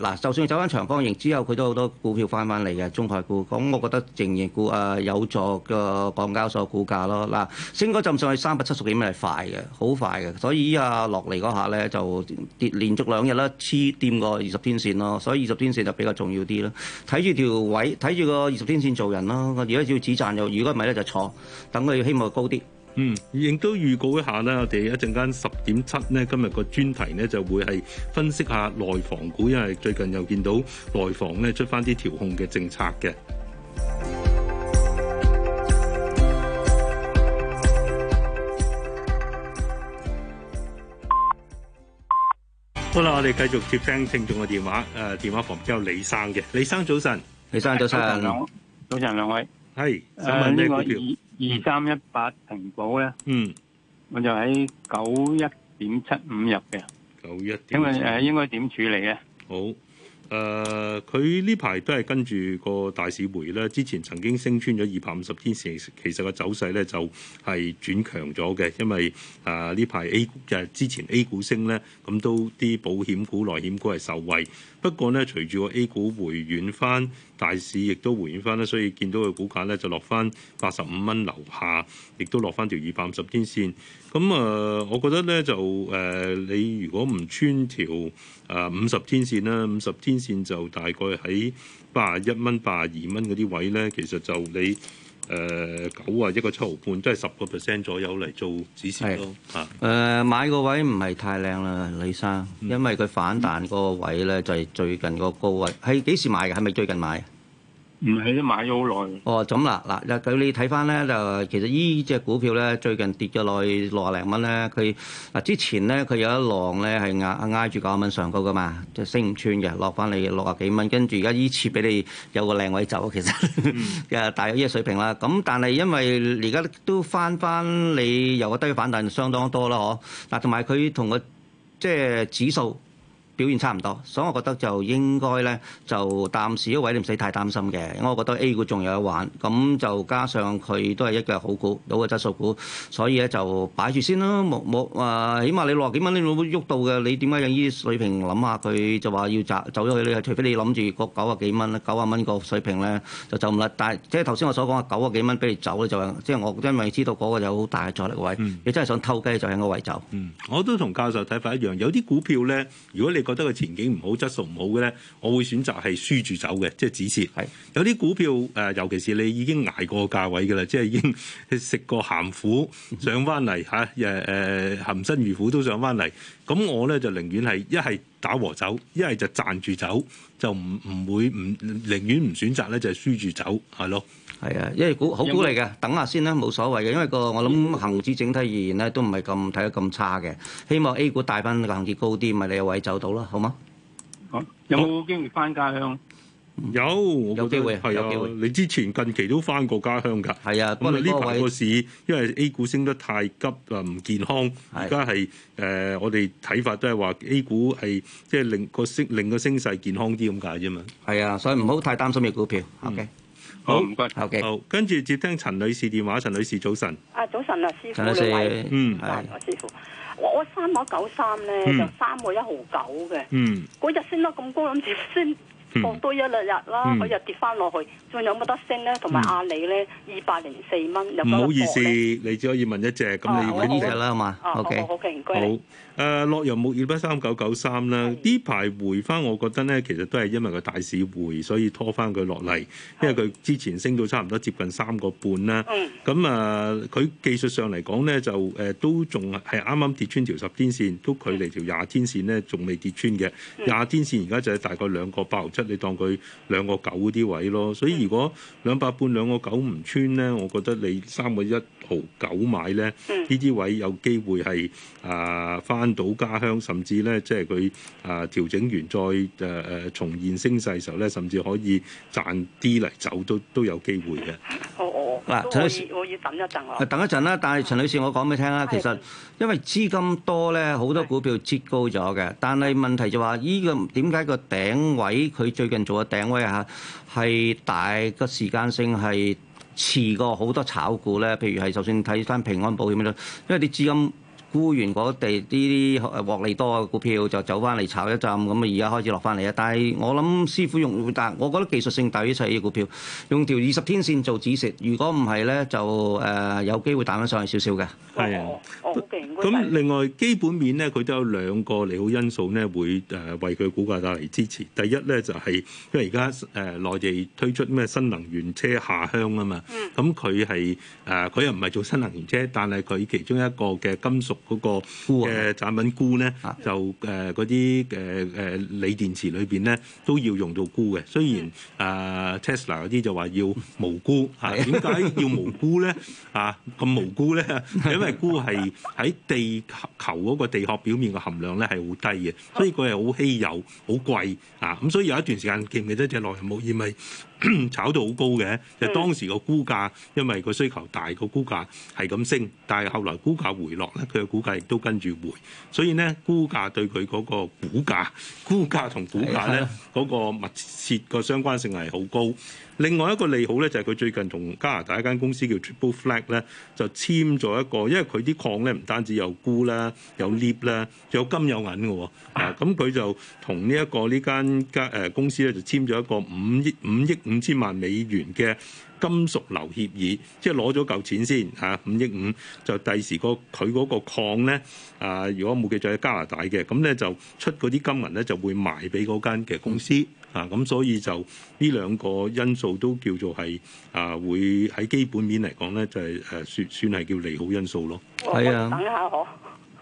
呃，就算走翻長方形之後，佢都好多股票翻翻嚟嘅中概股。咁、嗯、我覺得仍然股誒、呃、有助個港、呃、交所股價咯。嗱，升嗰陣上去三百七十幾蚊係快嘅，好快嘅。所以依、啊、下落嚟嗰下咧就跌連續兩日啦，黐掂過二十天線咯。所以二十天線就比較重要啲啦。睇住條位，睇住個二十天線做人咯。如果要止賺就，如果唔係咧就坐。等佢希望高啲。嗯，亦都預告一下啦。我哋一陣間十點七咧，今日個專題咧就會係分析下內房股，因為最近又見到內房咧出翻啲調控嘅政策嘅。好啦，我哋繼續接聽聽眾嘅電話。誒，電話房邊有李生嘅。李生早晨，李生早晨，早晨上上兩,兩位，係想問咩股票？呃這個二三一八平保咧，嗯，我就喺九一點七五入嘅九一點，因為誒，應該點處理呀？好誒，佢呢排都係跟住個大市回咧。之前曾經升穿咗二百五十天線，其實個走勢咧就係轉強咗嘅。因為誒呢排 A 誒之前 A 股升咧，咁都啲保險股、內險股係受惠。不過咧，隨住個 A 股回軟翻，大市亦都回軟翻咧，所以見到個股價咧就落翻八十五蚊樓下，亦都落翻條二百五十天線。咁啊、呃，我覺得咧就誒、呃，你如果唔穿條啊五十天線啦，五十天線就大概喺八十一蚊、八十二蚊嗰啲位咧，其實就你，誒九啊一個七毫半，即係十個 percent 左右嚟做指示咯嚇。誒、uh, 是買個位唔係太靚啦，李生，因為佢反彈嗰個位咧、嗯、就係最近個高位，係幾時買嘅？係咪最近買？唔係都買咗好耐。哦，咁啦，嗱，佢你睇翻咧，就其實依隻股票咧，最近跌咗落去六啊零蚊咧，佢嗱之前咧，佢有一浪咧係挨挨住九啊蚊上高噶嘛，就升唔穿嘅，落翻嚟六啊幾蚊，跟住而家依次俾你有個靚位走其實嘅、嗯、 *laughs* 大約呢個水平啦。咁但係因為而家都翻翻你由個低反彈相當多啦，嗬、啊。嗱，同埋佢同個即係指數。表現差唔多，所以我覺得就應該咧就暫時呢位你唔使太擔心嘅，因為我覺得 A 股仲有得玩，咁就加上佢都係一隻好股，好嘅質素股，所以咧就擺住先啦、啊。冇冇啊，起碼你六十幾蚊你都喐到嘅，你點解用呢啲水平諗下佢就話要走走咗去咧？除非你諗住個九啊幾蚊、九啊蚊個水平咧就走唔甩。但係即係頭先我所講嘅九啊幾蚊俾你走咧，就即、是、係、就是、我因為知道嗰個有好大嘅阻力位，嗯、你真係想偷雞就喺嗰位走、嗯。我都同教授睇法一樣，有啲股票咧，如果你覺得個前景唔好、質素唔好嘅咧，我會選擇係輸住走嘅，即係止蝕。是有啲股票誒、呃，尤其是你已經捱過價位嘅啦，即係已經食過鹹苦上翻嚟嚇，誒、啊、誒、呃、含辛茹苦都上翻嚟。咁我咧就寧願係一係打和走，一係就賺住走，就唔唔會唔寧願唔選擇咧就係輸住走係咯。係啊，因為股好鼓勵嘅，有有等下先啦，冇所謂嘅。因為個我諗恆指整體而言咧，都唔係咁睇得咁差嘅。希望 A 股大班個恒指高啲，咪你有位走到啦，好嗎？哦、啊，有冇機會翻家鄉？有，有機會，係啊，你之前近期都翻過家鄉㗎。係啊，咁啊呢排個市，因為 A 股升得太急啊，唔健康。而家係誒，呃啊、我哋睇法都係話 A 股係即係令個升令個升勢健康啲咁解啫嘛。係啊，所以唔好太擔心嘅股票。好、okay? 嘅、嗯。好唔該，好跟住好接，接聽陳女士電話。陳女士早晨。啊早晨啊，師傅你好，嗯，係係，師傅，我我三攞九三咧，就三個一毫九嘅，嗯，嗰日升得咁高，諗住升。放、嗯、多一兩日啦，可以又跌翻落去，仲有冇得升咧？同埋阿里咧，二百零四蚊，有冇？唔好意思，你只可以問一隻，咁你揾呢隻啦，好嘛？哦，好，好，好、啊，唔該。好，誒，落油木二八三九九三啦，呢排回翻，我覺得咧，其實都係因為個大市回，所以拖翻佢落嚟，因為佢之前升到差唔多接近三個半啦。咁啊，佢技術上嚟講咧，就誒都仲係啱啱跌穿條十天線，都距離條廿天線咧，仲未跌穿嘅。廿天線而家就係大概兩個八毫七。你當佢兩個九啲位咯，所以如果兩百半兩個九唔穿咧，我覺得你三個一毫九買咧，呢啲位有機會係啊返到家鄉，甚至咧即係佢啊調整完再誒誒重現升勢時候咧，甚至可以賺啲嚟走都都有機會嘅、嗯。哦嗱、啊，陳女士，我要等一陣啊。等一陣啦，但係陳女士，我講俾你聽啊，嗯、其實的因為資金多咧，好多股票折高咗嘅，但係問題就話、是、依、這個點解個頂位佢？最近做嘅定位啊，係大嘅時間性係遲過好多炒股咧，譬如係，就算睇翻平安保險，因為啲資金。沽完嗰地啲獲利多嘅股票就走翻嚟炒一陣，咁啊而家開始落翻嚟啊！但係我諗師傅用，但係我覺得技術性大於細嘅股票，用條二十天線做止蝕。如果唔係咧，就誒、呃、有機會彈翻上去少少嘅。係啊，我好勁。咁另外基本面咧，佢都有兩個利好因素咧，會誒、呃、為佢股價帶嚟支持。第一咧就係、是、因為而家誒內地推出咩新能源車下鄉啊嘛，咁佢係誒佢又唔係做新能源車，但係佢其中一個嘅金屬。嗰個嘅產品鈷咧，啊、就誒嗰啲嘅，誒、呃、鋰、呃、電池裏邊咧，都要用到鈷嘅。雖然啊、呃、，Tesla 有啲就話要無鈷，點解要無鈷咧、 *laughs* 啊？啊，咁無鈷咧？因為鈷係喺地球嗰個地殼表面嘅含量咧係好低嘅，所以佢係好稀有、好貴啊。咁所以有一段時間記唔記得只落人冇意味？ *laughs* 炒到好高嘅，就是，當時個估價，因為個需求大，個估價係咁升，但係後來估價回落咧，佢嘅估價亦都跟住回，所以咧估價對佢嗰個股價，估價同股價咧嗰個密切個相關性係好高。另外一個利好咧，就係佢最近同加拿大一間公司叫 Triple Flag 咧，就簽咗一個，因為佢啲礦咧唔單止有鈷啦、有鋰啦、有金有銀嘅喎，啊，咁佢、啊、就同呢、這個這個、一個呢間家誒公司咧就簽咗一個五億五億五千萬美元嘅金屬流協議，即係攞咗嚿錢先嚇，五、啊、億五，就第時個佢嗰個礦咧，啊，如果冇記錯喺加拿大嘅，咁咧就出嗰啲金銀咧就會賣俾嗰間嘅公司。嗯。啊，咁所以就呢兩個因素都叫做係啊，會喺基本面嚟講咧，就係、是、誒、啊、算算係叫利好因素咯。係啊，等下我，我下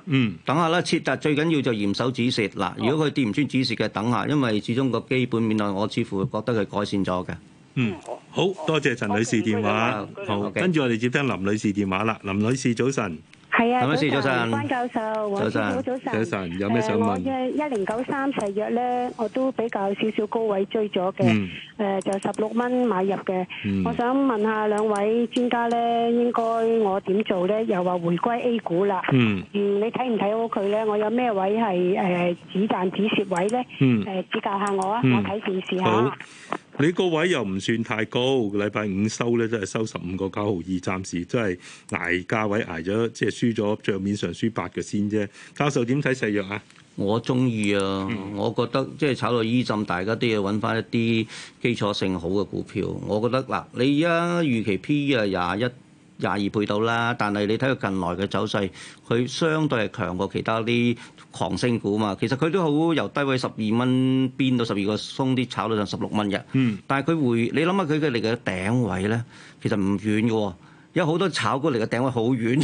嗯，等下啦，切，但最緊要就嚴守止蝕。嗱，哦、如果佢跌唔穿止蝕嘅，等下，因為始終個基本面啊，我似乎覺得佢改善咗嘅。嗯，好多謝陳女士電話，嗯嗯、好，跟住、啊、好我哋接聽林女士電話啦。林女士，早晨。係啊，早晨，早晨，關教授，早晨，早晨，早晨，有咩想問？一零九三石藥咧，我都比較少少高位追咗嘅，誒，就十六蚊買入嘅。我想問下兩位專家咧，應該我點做咧？又話回歸 A 股啦，嗯，你睇唔睇好佢咧？我有咩位係誒止賺止蝕位咧？誒，指教下我啊，我睇電視吓。你個位又唔算太高，禮拜五收咧都係收十五個九毫二，暫時都係挨價位挨咗，即係輸咗帳面上輸八個先啫。教授點睇細弱啊？我中意啊，嗯、我覺得即係、就是、炒到依浸，大家都要揾翻一啲基礎性好嘅股票。我覺得嗱，你而家預期 P/E 廿一、廿二倍到啦，但係你睇佢近來嘅走勢，佢相對係強過其他啲。狂升股嘛，其實佢都好由低位十二蚊邊到十二個鬆啲，炒到成十六蚊嘅。嗯，但係佢回你諗下佢嘅嚟嘅頂位咧，其實唔遠嘅喎。有好多炒股嚟嘅定位好遠，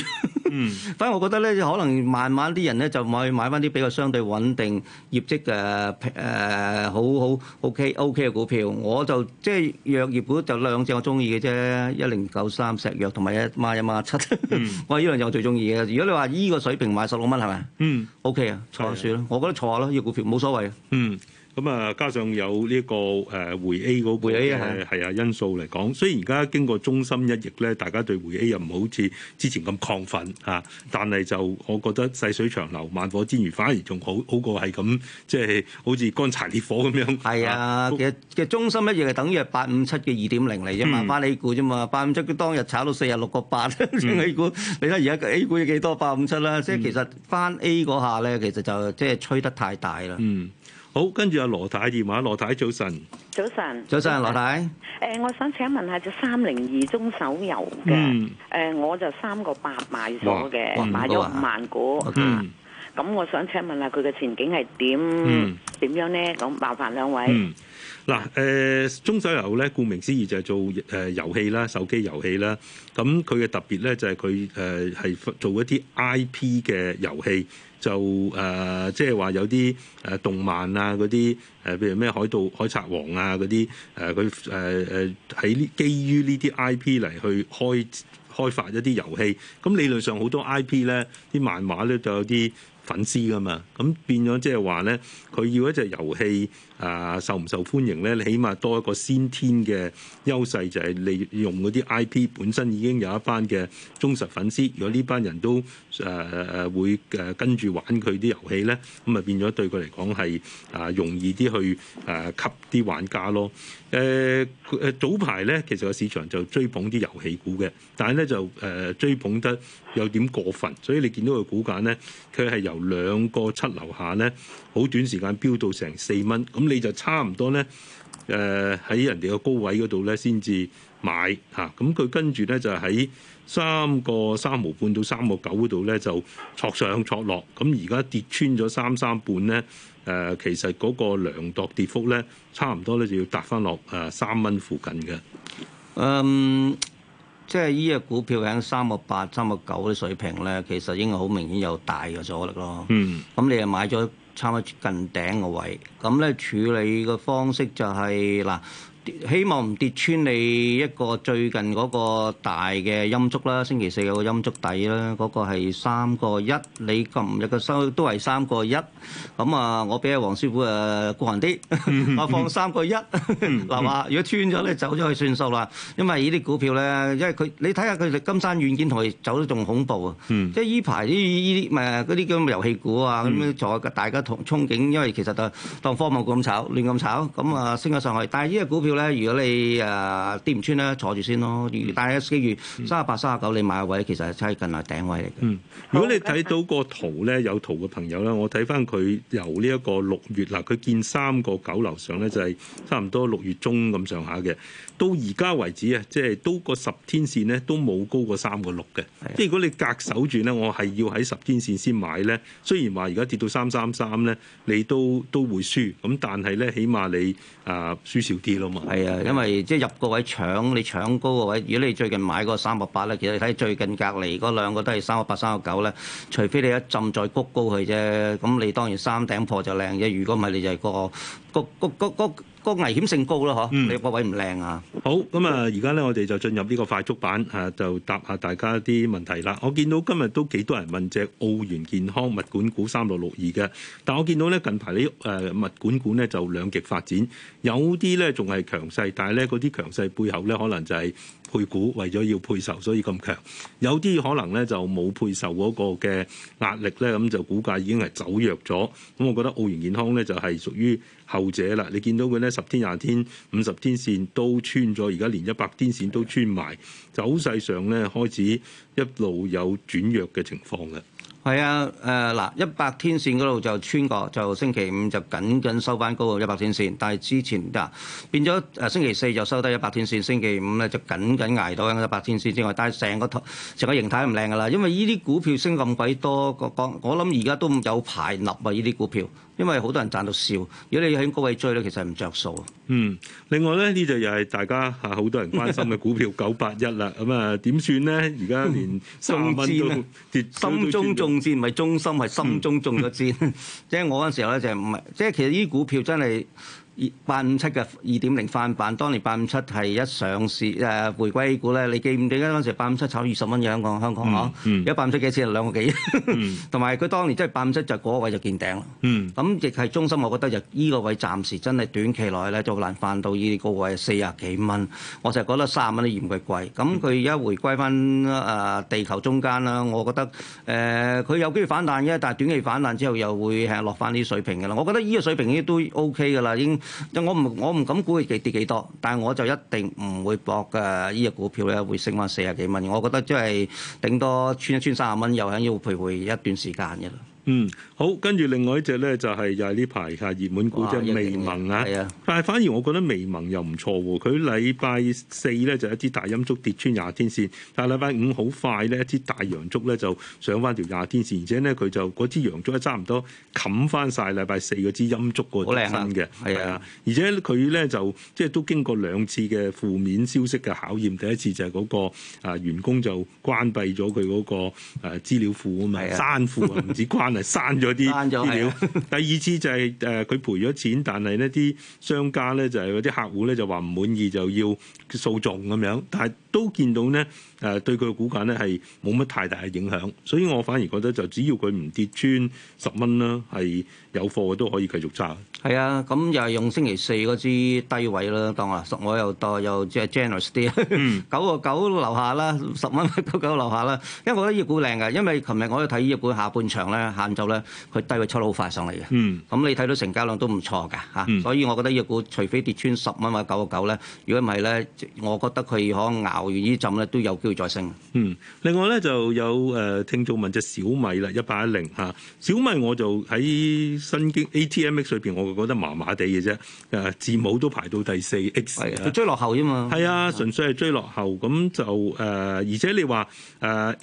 嗯、 *laughs* 反而我覺得咧，可能慢慢啲人咧就買買翻啲比較相對穩定業績嘅誒、呃，好好 OK OK 嘅股票。我就即係、就係、藥業股就兩隻我中意嘅啫，一零九三石藥同埋一孖一孖七。7，嗯、 *laughs* 我係依兩隻我最中意嘅。如果你話依個水平買十六蚊係咪？嗯，OK 啊，錯下算啦，是的 我覺得錯下咯，依個股票冇所謂。嗯。咁啊、嗯，加上有呢、這個誒、呃、回 A 嗰、那個嘅係回 A,、呃、啊、啊、啊因素嚟講，雖然而家經過中心一役咧，大家對回 A 又唔好似之前咁亢奮嚇、啊，但係就我覺得細水長流、慢火之餘，反而仲好好過係咁即係好似乾柴烈火咁樣。係啊，啊其實其中心一役係等於係八五七嘅二點零嚟啫，嘛、嗯。翻 A 股啫嘛，八五七佢當日炒到四十六個八 A 股，你睇而家 A 股要幾多？八五七啦，即係其實翻 A 嗰下咧，其實就即係吹得太大啦。嗯。好，跟住阿羅太電話。羅太早晨。早晨，早晨，羅太。誒，我想請問下隻三零二中手遊嘅，誒，我就三個八買咗嘅，買咗五萬股，吓，咁我想請問下佢嘅前景係點，點樣咧？咁麻煩兩位。嗱，誒中手遊咧，顧名思義就係做誒遊戲啦，手機遊戲啦。咁佢嘅特別咧，就係佢誒係做一啲 I P 嘅遊戲，就誒即係話有啲誒動漫啊，嗰啲誒，譬如咩海盜海賊王啊，嗰啲誒，佢誒誒喺基於呢啲 I P 嚟去開開發一啲遊戲。咁理論上好多 I P 咧，啲漫畫咧都有啲粉絲㗎嘛。咁變咗即係話咧，佢要一隻遊戲。啊，受唔受歡迎咧？你起碼多一個先天嘅優勢，就係、是、利用嗰啲 IP 本身已經有一班嘅忠實粉絲。如果呢班人都誒誒、呃、會誒跟住玩佢啲遊戲咧，咁啊變咗對佢嚟講係啊容易啲去誒、呃、吸啲玩家咯。誒、呃、誒早排咧，其實個市場就追捧啲遊戲股嘅，但係咧就誒追捧得有點過分，所以你見到個股價咧，佢係由兩個七樓下咧，好短時間飆到成四蚊，咁你就差唔多咧，誒、呃、喺人哋個高位嗰度咧先至買嚇，咁佢跟住咧就喺三個三毫半到三個九嗰度咧就戳上戳落，咁而家跌穿咗三三半咧，誒、呃、其實嗰個量度跌幅咧差唔多咧就要搭返落誒三蚊附近嘅。嗯，即係依個股票喺三個八、三個九嘅水平咧，其實已經好明顯有大嘅阻力咯。嗯，咁你又買咗？差唔多近頂個位，咁咧，處理嘅方式就係、是、嗱。希望唔跌穿你一個最近嗰個大嘅陰燭啦，星期四有個陰燭底啦，嗰個係三個一，你今日嘅收都係三個一。咁啊，我俾阿黃師傅誒孤寒啲，我放三個一嗱話。如果穿咗咧，走咗去算數啦。因為依啲股票咧，因為佢你睇下佢哋金山軟件同佢走得仲恐怖啊。即係依排啲依啲誒嗰啲咁嘅遊戲股啊，咁樣在大家同憧憬，因為其實就當荒冇股咁炒，亂咁炒。咁啊，升咗上去，但係依個股票咧，如果你誒、呃、跌唔穿咧，坐住先咯。但係，假如三廿八、三十九，你買位其實係差近係頂位嚟嘅。嗯，如果你睇到個圖咧，有圖嘅朋友咧，我睇翻佢由呢一個六月嗱，佢、呃、見三個九樓上咧，就係、是、差唔多六月中咁上下嘅。到而家為止啊，即係都個十天線咧，都冇高過三個六嘅。即係是的 如果你隔手住咧，我係要喺十天線先買咧。雖然話而家跌到三三三咧，你都都會輸。咁但係咧，起碼你。啊，輸少啲咯嘛。係啊，因為即係入個位搶，你搶高個位。如果你最近買嗰三百八咧，其實你睇最近隔離嗰兩個都係三百八、三百九咧。除非你一浸再谷高佢啫，咁你當然三頂破就靚啫。如果唔係，你就係個個個個個。個危險性高咯，嗬、嗯！你個位唔靚啊。好，咁啊，而家咧，我哋就進入呢個快速版，嚇就答一下大家啲問題啦。我見到今日都幾多人問隻奧園健康物管股三六六二嘅，但我見到咧近排啲誒物管股咧就兩極發展，有啲咧仲係強勢，但係咧嗰啲強勢背後咧可能就係、是。配股為咗要配售，所以咁強。有啲可能呢，就冇配售嗰個嘅壓力呢，咁就股價已經係走弱咗。咁我覺得奧園健康呢，就係屬於後者啦。你見到佢呢，十天廿天五十天線都穿咗，而家連一百天線都穿埋，走勢上呢，開始一路有轉弱嘅情況嘅。係啊，誒嗱，一百天線嗰度就穿過，就星期五就緊緊收翻高個一百天線。但係之前嗱，變咗誒，星期四就收低一百天線，星期五咧就緊緊挨到緊一百天線之外，但係成個成個形態唔靚㗎啦。因為呢啲股票升咁鬼多，個講我諗而家都有排立啊呢啲股票。因為好多人賺到笑，如果你喺高位追咧，其實唔著數。嗯，另外咧，呢隻又係大家嚇好多人關心嘅股票九八一啦。咁啊點算咧？而家連三蚊都跌，心中中箭，唔係中心，係 *laughs* 心中中咗箭。即係 *laughs* *laughs* 我嗰陣時候咧，就係唔係，即係其實呢啲股票真係。八五七嘅二點零翻版，當年八五七係一上市誒，迴、呃、歸股咧，你記唔記得當時八五七炒二十蚊樣個香港嗬？一八五七幾錢啊？多錢兩個幾？同埋佢當年真係八五七就嗰位就見頂啦。咁亦係中心我我回回中，我覺得就依個位暫時真係短期內咧就難反到依個位四廿幾蚊，我成日覺得三十蚊都嫌佢貴。咁佢而家回歸翻誒地球中間啦，我覺得誒佢有機會反彈嘅，但係短期反彈之後又會係落翻啲水平嘅啦。我覺得依個水平已都 OK 嘅啦，已經。即我唔我唔敢估佢跌跌幾多少，但係我就一定唔會博嘅呢隻股票咧會升翻四啊幾蚊。我覺得即係頂多穿一穿三啊蚊，又喺呢度徘徊一段時間嘅啦。嗯，好，跟住另外一隻咧就係又係呢排嘅熱門股即係微盟萌啊。係啊，但係反而我覺得微盟又唔錯喎。佢禮拜四咧就一支大陰燭跌穿廿天線，但係禮拜五好快咧一支大陽燭咧就上翻條廿天線，而且咧佢就嗰支陽燭咧差唔多冚翻晒禮拜四嗰支陰燭個身嘅。係啊，的而且佢咧就即係都經過兩次嘅負面消息嘅考驗，第一次就係嗰個啊員工就關閉咗佢嗰個誒資料庫啊嘛，刪庫啊唔止關刪咗啲資料， *laughs* 第二次就係誒佢賠咗錢，但係呢啲商家咧就係嗰啲客戶咧就話唔滿意就要訴訟咁樣，但係。都見到咧，誒、呃、對佢個股價咧係冇乜太大嘅影響，所以我反而覺得就只要佢唔跌穿十蚊啦，係有貨都可以繼續揸。係啊，咁、嗯、又係用星期四嗰支低位啦，當啊，我又多又即係 generous 啲，嗯、 *laughs* 九個九樓下啦，十蚊九個九都樓下啦，因為我覺得醫股靚㗎，因為琴日我都睇醫股下半場咧，下午咧佢低位出得好快上嚟嘅，咁、嗯、你睇到成交量都唔錯嘅嚇，啊嗯、所以我覺得醫股除非跌穿十蚊或者九個九咧，如果唔係咧，我覺得佢可咬。後面呢浸咧都有機會再升。嗯，另外咧就有誒聽眾問隻小米啦，一八一零嚇小米，我就喺新經 ATMX 裏邊，我覺得麻麻地嘅啫。誒字母都排到第四，X，佢追落後啫嘛。係啊，純粹係追落後。咁就誒，而且你話誒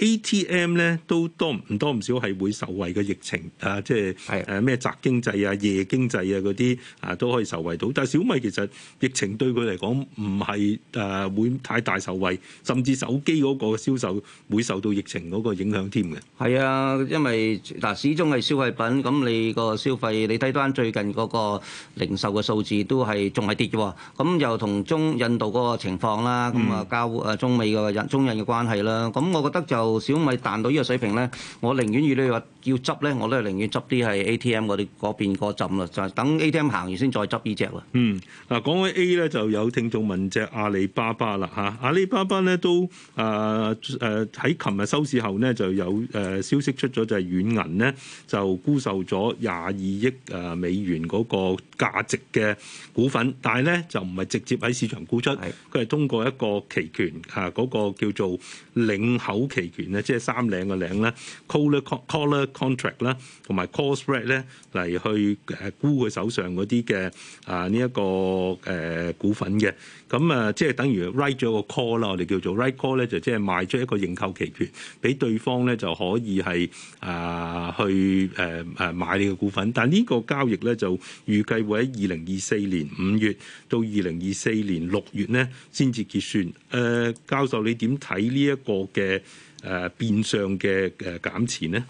ATM 咧都多唔多唔少係會受惠嘅疫情。誒即係誒咩宅經濟啊、夜經濟啊嗰啲啊都可以受惠到。但係小米其實疫情對佢嚟講唔係誒會太大受惠。甚至手機嗰個銷售會受到疫情嗰個影響添嘅。係啊，因為嗱，始終係消費品，咁你個消費，你睇多翻最近嗰個零售嘅數字，都係仲係跌嘅。咁又同中印度嗰個情況啦，咁啊交啊中美嘅中印嘅關係啦。咁我覺得就小米彈到呢個水平咧，我寧願如果你話要執咧，我都係寧願執啲係 ATM 嗰啲嗰邊嗰浸啦，就係等 ATM 行完先再執呢隻。嗯，嗱講起 A 咧，就有聽眾問隻阿里巴巴啦嚇，阿里。啱啱咧都誒誒喺琴日收市後咧就有誒、呃、消息出咗，就係軟銀咧就沽售咗廿二億誒美元嗰個價值嘅股份，但係咧就唔係直接喺市場沽出，佢係的通過一個期權嚇嗰、啊那個叫做領口期權咧，即係三領嘅領咧，collar contract 啦，同埋 call spread 咧嚟去誒沽佢手上嗰啲嘅啊呢一、這個誒、呃、股份嘅。咁啊，即係等於 write 咗個 call 啦，我哋叫做 write call 咧，就即係賣出一個認購期權，俾對方咧就可以係啊、呃、去誒誒、呃、買你嘅股份。但係呢個交易咧就預計會喺二零二四年五月到二零二四年六月咧先至結算。誒、呃，教授你點睇呢一個嘅誒、呃、變相嘅誒減持咧？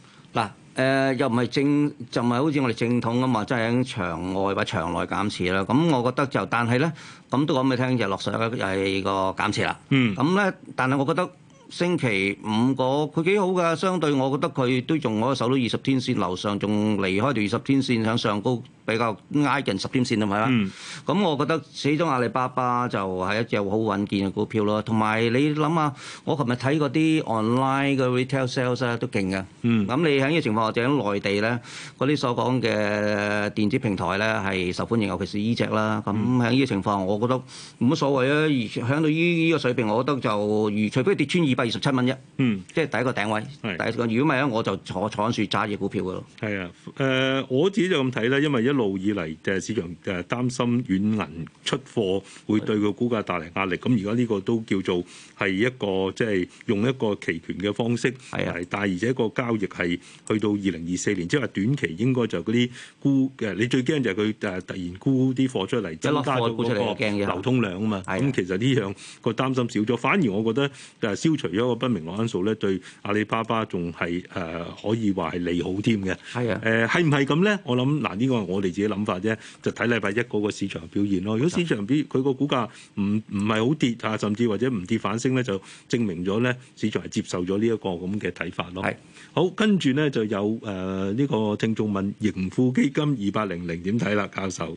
誒、呃、又唔係正就唔係好似我哋正統咁嘛，即係喺場外或場內減持啦。咁我覺得就，但係咧，咁都講俾你聽，就落水又係個減持啦。嗯，咁咧，但係我覺得星期五嗰佢幾好嘅，相對我覺得佢都仲可以守到二十天線樓上，仲離開住二十天線向上高。比較挨近十天線係咪啦？咁我覺得始終阿里巴巴就係一隻好穩健嘅股票咯。同埋你諗下，我琴日睇嗰啲 online 嘅 retail sales 咧都勁嘅。咁你喺呢個情況或者喺內地咧，嗰啲所講嘅電子平台咧，係受歡迎，尤其是呢隻啦。咁喺呢個情況，我覺得冇乜所謂啊。而響到呢呢個水平，我覺得就如除非跌穿二百二十七蚊一，即係第一個頂位。如果唔係咧，我就坐坐樹揸住股票嘅咯。係啊，誒我自己就咁睇啦，因為一一路以嚟嘅市場誒擔心軟銀出貨會對個股價帶嚟壓力，咁而家呢個都叫做係一個即係、就是、用一個期權嘅方式，係、啊、但係而且個交易係去到二零二四年，即係話短期應該就嗰啲沽誒，你最驚就係佢誒突然沽啲貨出嚟，增加咗嗰個流通量啊嘛。咁、啊、其實呢樣個擔心少咗，反而我覺得誒消除咗個不明朗因素咧，對阿里巴巴仲係誒可以話係利好添嘅。係啊，誒係唔係咁咧？我諗嗱，呢、呃這個係我哋。你自己嘅諗法啫，就睇禮拜一嗰個市場表現咯。如果市場比佢個股價唔唔係好跌嚇，甚至或者唔跌反升咧，就證明咗咧，市場係接受咗呢一個咁嘅睇法咯。係是好，跟住咧就有誒呢、呃這個聽眾問盈富基金二八零零點睇啦，教授。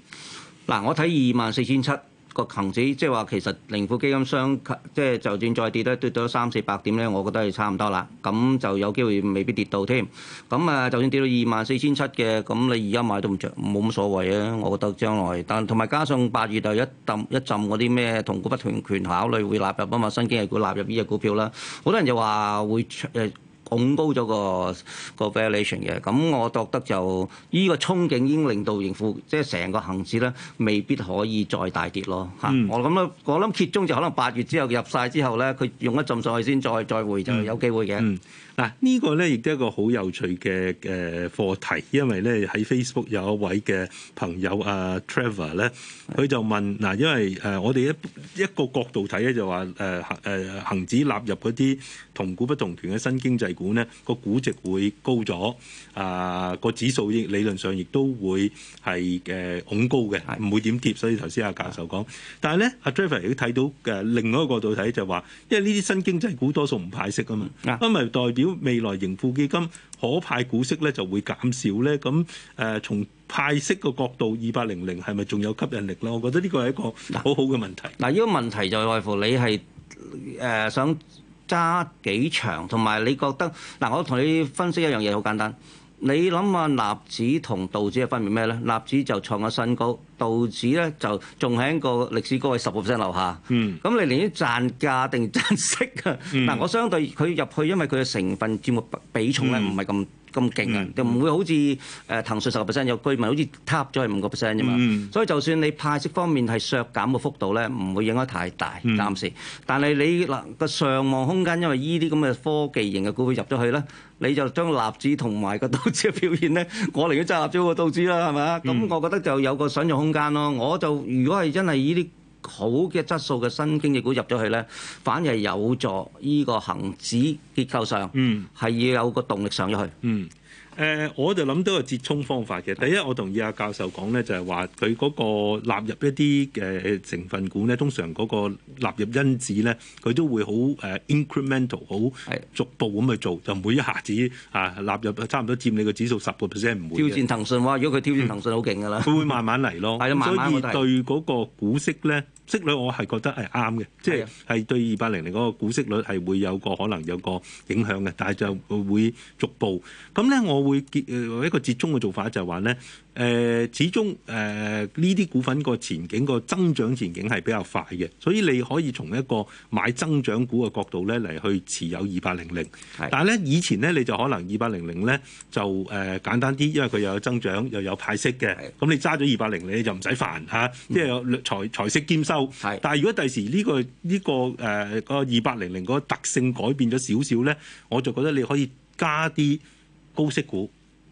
嗱，我睇二萬四千七。個恒指即係話其實盈富基金相，即係就算再跌都跌到三四百點咧，我覺得係差唔多啦。咁就有機會未必跌到添。咁啊，就算跌到二萬四千七嘅，咁你而家買都唔着，冇乜所謂啊。我覺得將來，但同埋加上八月就一揼一浸嗰啲咩同股不同權考慮會納入啊嘛，新經濟股納入呢隻股票啦。好多人就話會出誒。呃拱高咗個個 valuation 嘅，咁、嗯、我覺得就呢、這個憧憬已經令到盈富，即係成個恆指咧，未必可以再大跌咯嚇、嗯。我諗咯，我諗揭盅就可能八月之後入晒之後咧，佢用一浸上去先再再回是就有機會嘅。嗯嗱，呢個咧亦都係一個好有趣嘅誒課題，因為咧喺 Facebook 有一位嘅朋友阿 Trevor 咧，佢、啊、就問。嗱，因為誒我哋一一個角度睇咧就話誒誒恒指納入啲同股不同權嘅新經濟股咧，個股值會高咗，啊，個指數亦理論上亦都會係誒恐高嘅，唔會點跌，所以頭先阿教授講，但係咧阿 Trevor 亦都睇到嘅另外一個角度睇就話，因為呢啲新經濟股多數唔派息啊嘛，因為代表。未來盈富基金可派股息咧就會減少咧，咁、呃、誒從派息個角度，二八零零係咪仲有吸引力咧？我覺得呢個係一個好好嘅問題。嗱，呢個問題就係在乎你係誒、呃、想揸幾長，同埋你覺得嗱，我同你分析一樣嘢，好簡單。你諗下納指同道指嘅分別咩咧？納指就創咗新高，道指呢就仲喺個歷史高位十個 percent 樓下。嗯，咁你寧願賺價定賺息啊？嗱、嗯，但我相對佢入去，因為佢嘅成分佔個比重咧唔係咁。咁勁啊！嗯、就唔會好似誒騰訊十個 percent 有居民好似塌咗係五個 percent 啫嘛。嗯、所以就算你派息方面係削減嘅幅度咧，唔會影響太大、嗯、暫時。但係你嗱個上望空間，因為依啲咁嘅科技型嘅股票入咗去咧，你就將立指同埋個道指嘅表現咧，我寧願揸臘指好過道指啦，係咪啊？咁、嗯、我覺得就有個想象空間咯。我就如果係真係依啲。好嘅質素嘅新經濟股入咗去咧，反而有助呢個恆指結構上，係要有個動力上咗去。嗯嗯誒，我就諗到個折衷方法嘅。第一，我同意阿教授講咧，就係話佢嗰個納入一啲嘅成分股咧，通常嗰個納入因子咧，佢都會好誒 incremental，好逐步咁去做，就唔會一下子啊納入差唔多佔你個指數十個 percent。唔會挑戰騰訊話，如果佢挑戰騰訊好勁㗎啦，佢、嗯、會慢慢嚟咯。係啊，所以對嗰個股息咧。息率我係覺得係啱嘅，即係係對二百零零嗰個股息率係會有個可能有個影響嘅，但係就會逐步咁咧，我會結誒、呃、一個折衷嘅做法就係話咧。誒始終誒呢啲股份個前景、個增長前景係比較快嘅，所以你可以從一個買增長股嘅角度咧嚟去持有二八零零。但係咧以前咧你就可能二八零零咧就誒、呃、簡單啲，因為佢又有增長又有派息嘅，咁是的 你揸咗二八零零你就唔使煩嚇，啊嗯、即係財財息兼收。是的 但係如果第時呢個呢、呢個誒、呃那個二八零零嗰個特性改變咗少少咧，我就覺得你可以加啲高息股。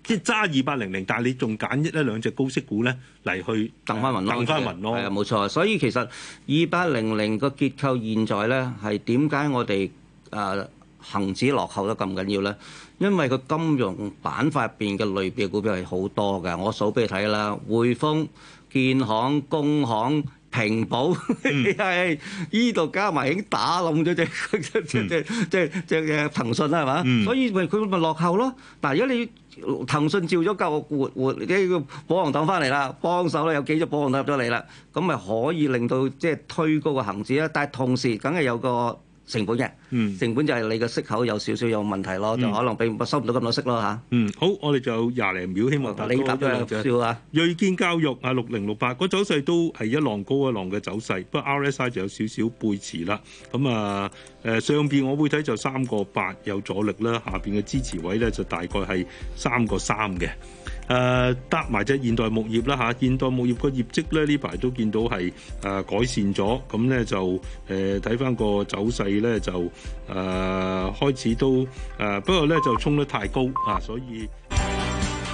即係揸二八零零，但係你仲揀一一兩隻高息股咧嚟去掟翻雲咯，掟翻雲咯，係啊，冇錯。所以其實二八零零個結構現在咧係點解我哋誒恆指落後得咁緊要咧？因為個金融板塊入邊嘅類別股票係好多嘅，我數俾你睇啦，匯豐、建行、工行。平保係依度加埋已經打冧咗只只只只只嘅騰訊啦係嘛，所以咪佢咪落後咯。但係如果你騰訊照咗夠活活呢個保皇黨翻嚟啦，幫手啦，有幾隻保皇黨入咗嚟啦，咁咪可以令到即係推高個恒指啦。但係同時梗係有個。成本嘅，嗯，成本就係你個息口有少少有問題咯，嗯、就可能俾收唔到咁多息咯吓，嗯，好，我哋就廿零秒，希望得你答都少少啊。睿見教育啊，六零六八個走勢都係一浪高一浪嘅走勢，不過 RSI 就有少少背馳啦。咁啊，誒、呃、上邊我會睇就三個八有阻力啦，下邊嘅支持位咧就大概係三個三嘅。誒、呃、搭埋隻現代牧業啦嚇、啊，現代牧業個業績咧呢排都見到係誒、呃、改善咗，咁咧就誒睇返個走勢咧就誒、呃、開始都誒、呃、不過咧就衝得太高啊，所以。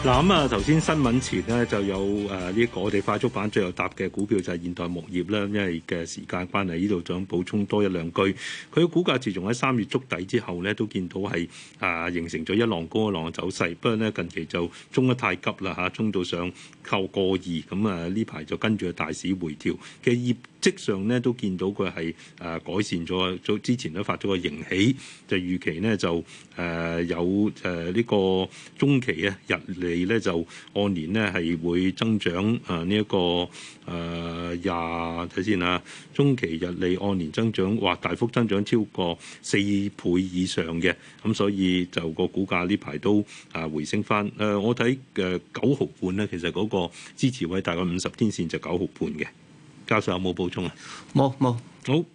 嗱咁啊，頭先新聞前咧就有誒呢、啊這個我哋快速版最有搭嘅股票就係現代牧業啦，因為嘅時間關係，呢度想補充多一兩句。佢嘅股價自從喺三月觸底之後咧，都見到係啊形成咗一浪高一浪嘅走勢，不過咧近期就衝得太急啦嚇，衝、啊、到上扣個二咁啊，呢排就跟住大市回調嘅業。即上咧都見到佢係誒改善咗，早之前都發咗個盈喜，就預期咧就誒有誒呢個中期啊日利咧就按年咧係會增長誒呢一個誒廿睇先啊，中期日利按年增長，哇大幅增長超過四倍以上嘅，咁所以就個股價呢排都啊回升返。誒、呃、我睇嘅九毫半咧，其實嗰個支持位大概五十天線就九毫半嘅。加上有冇補充啊？冇冇好。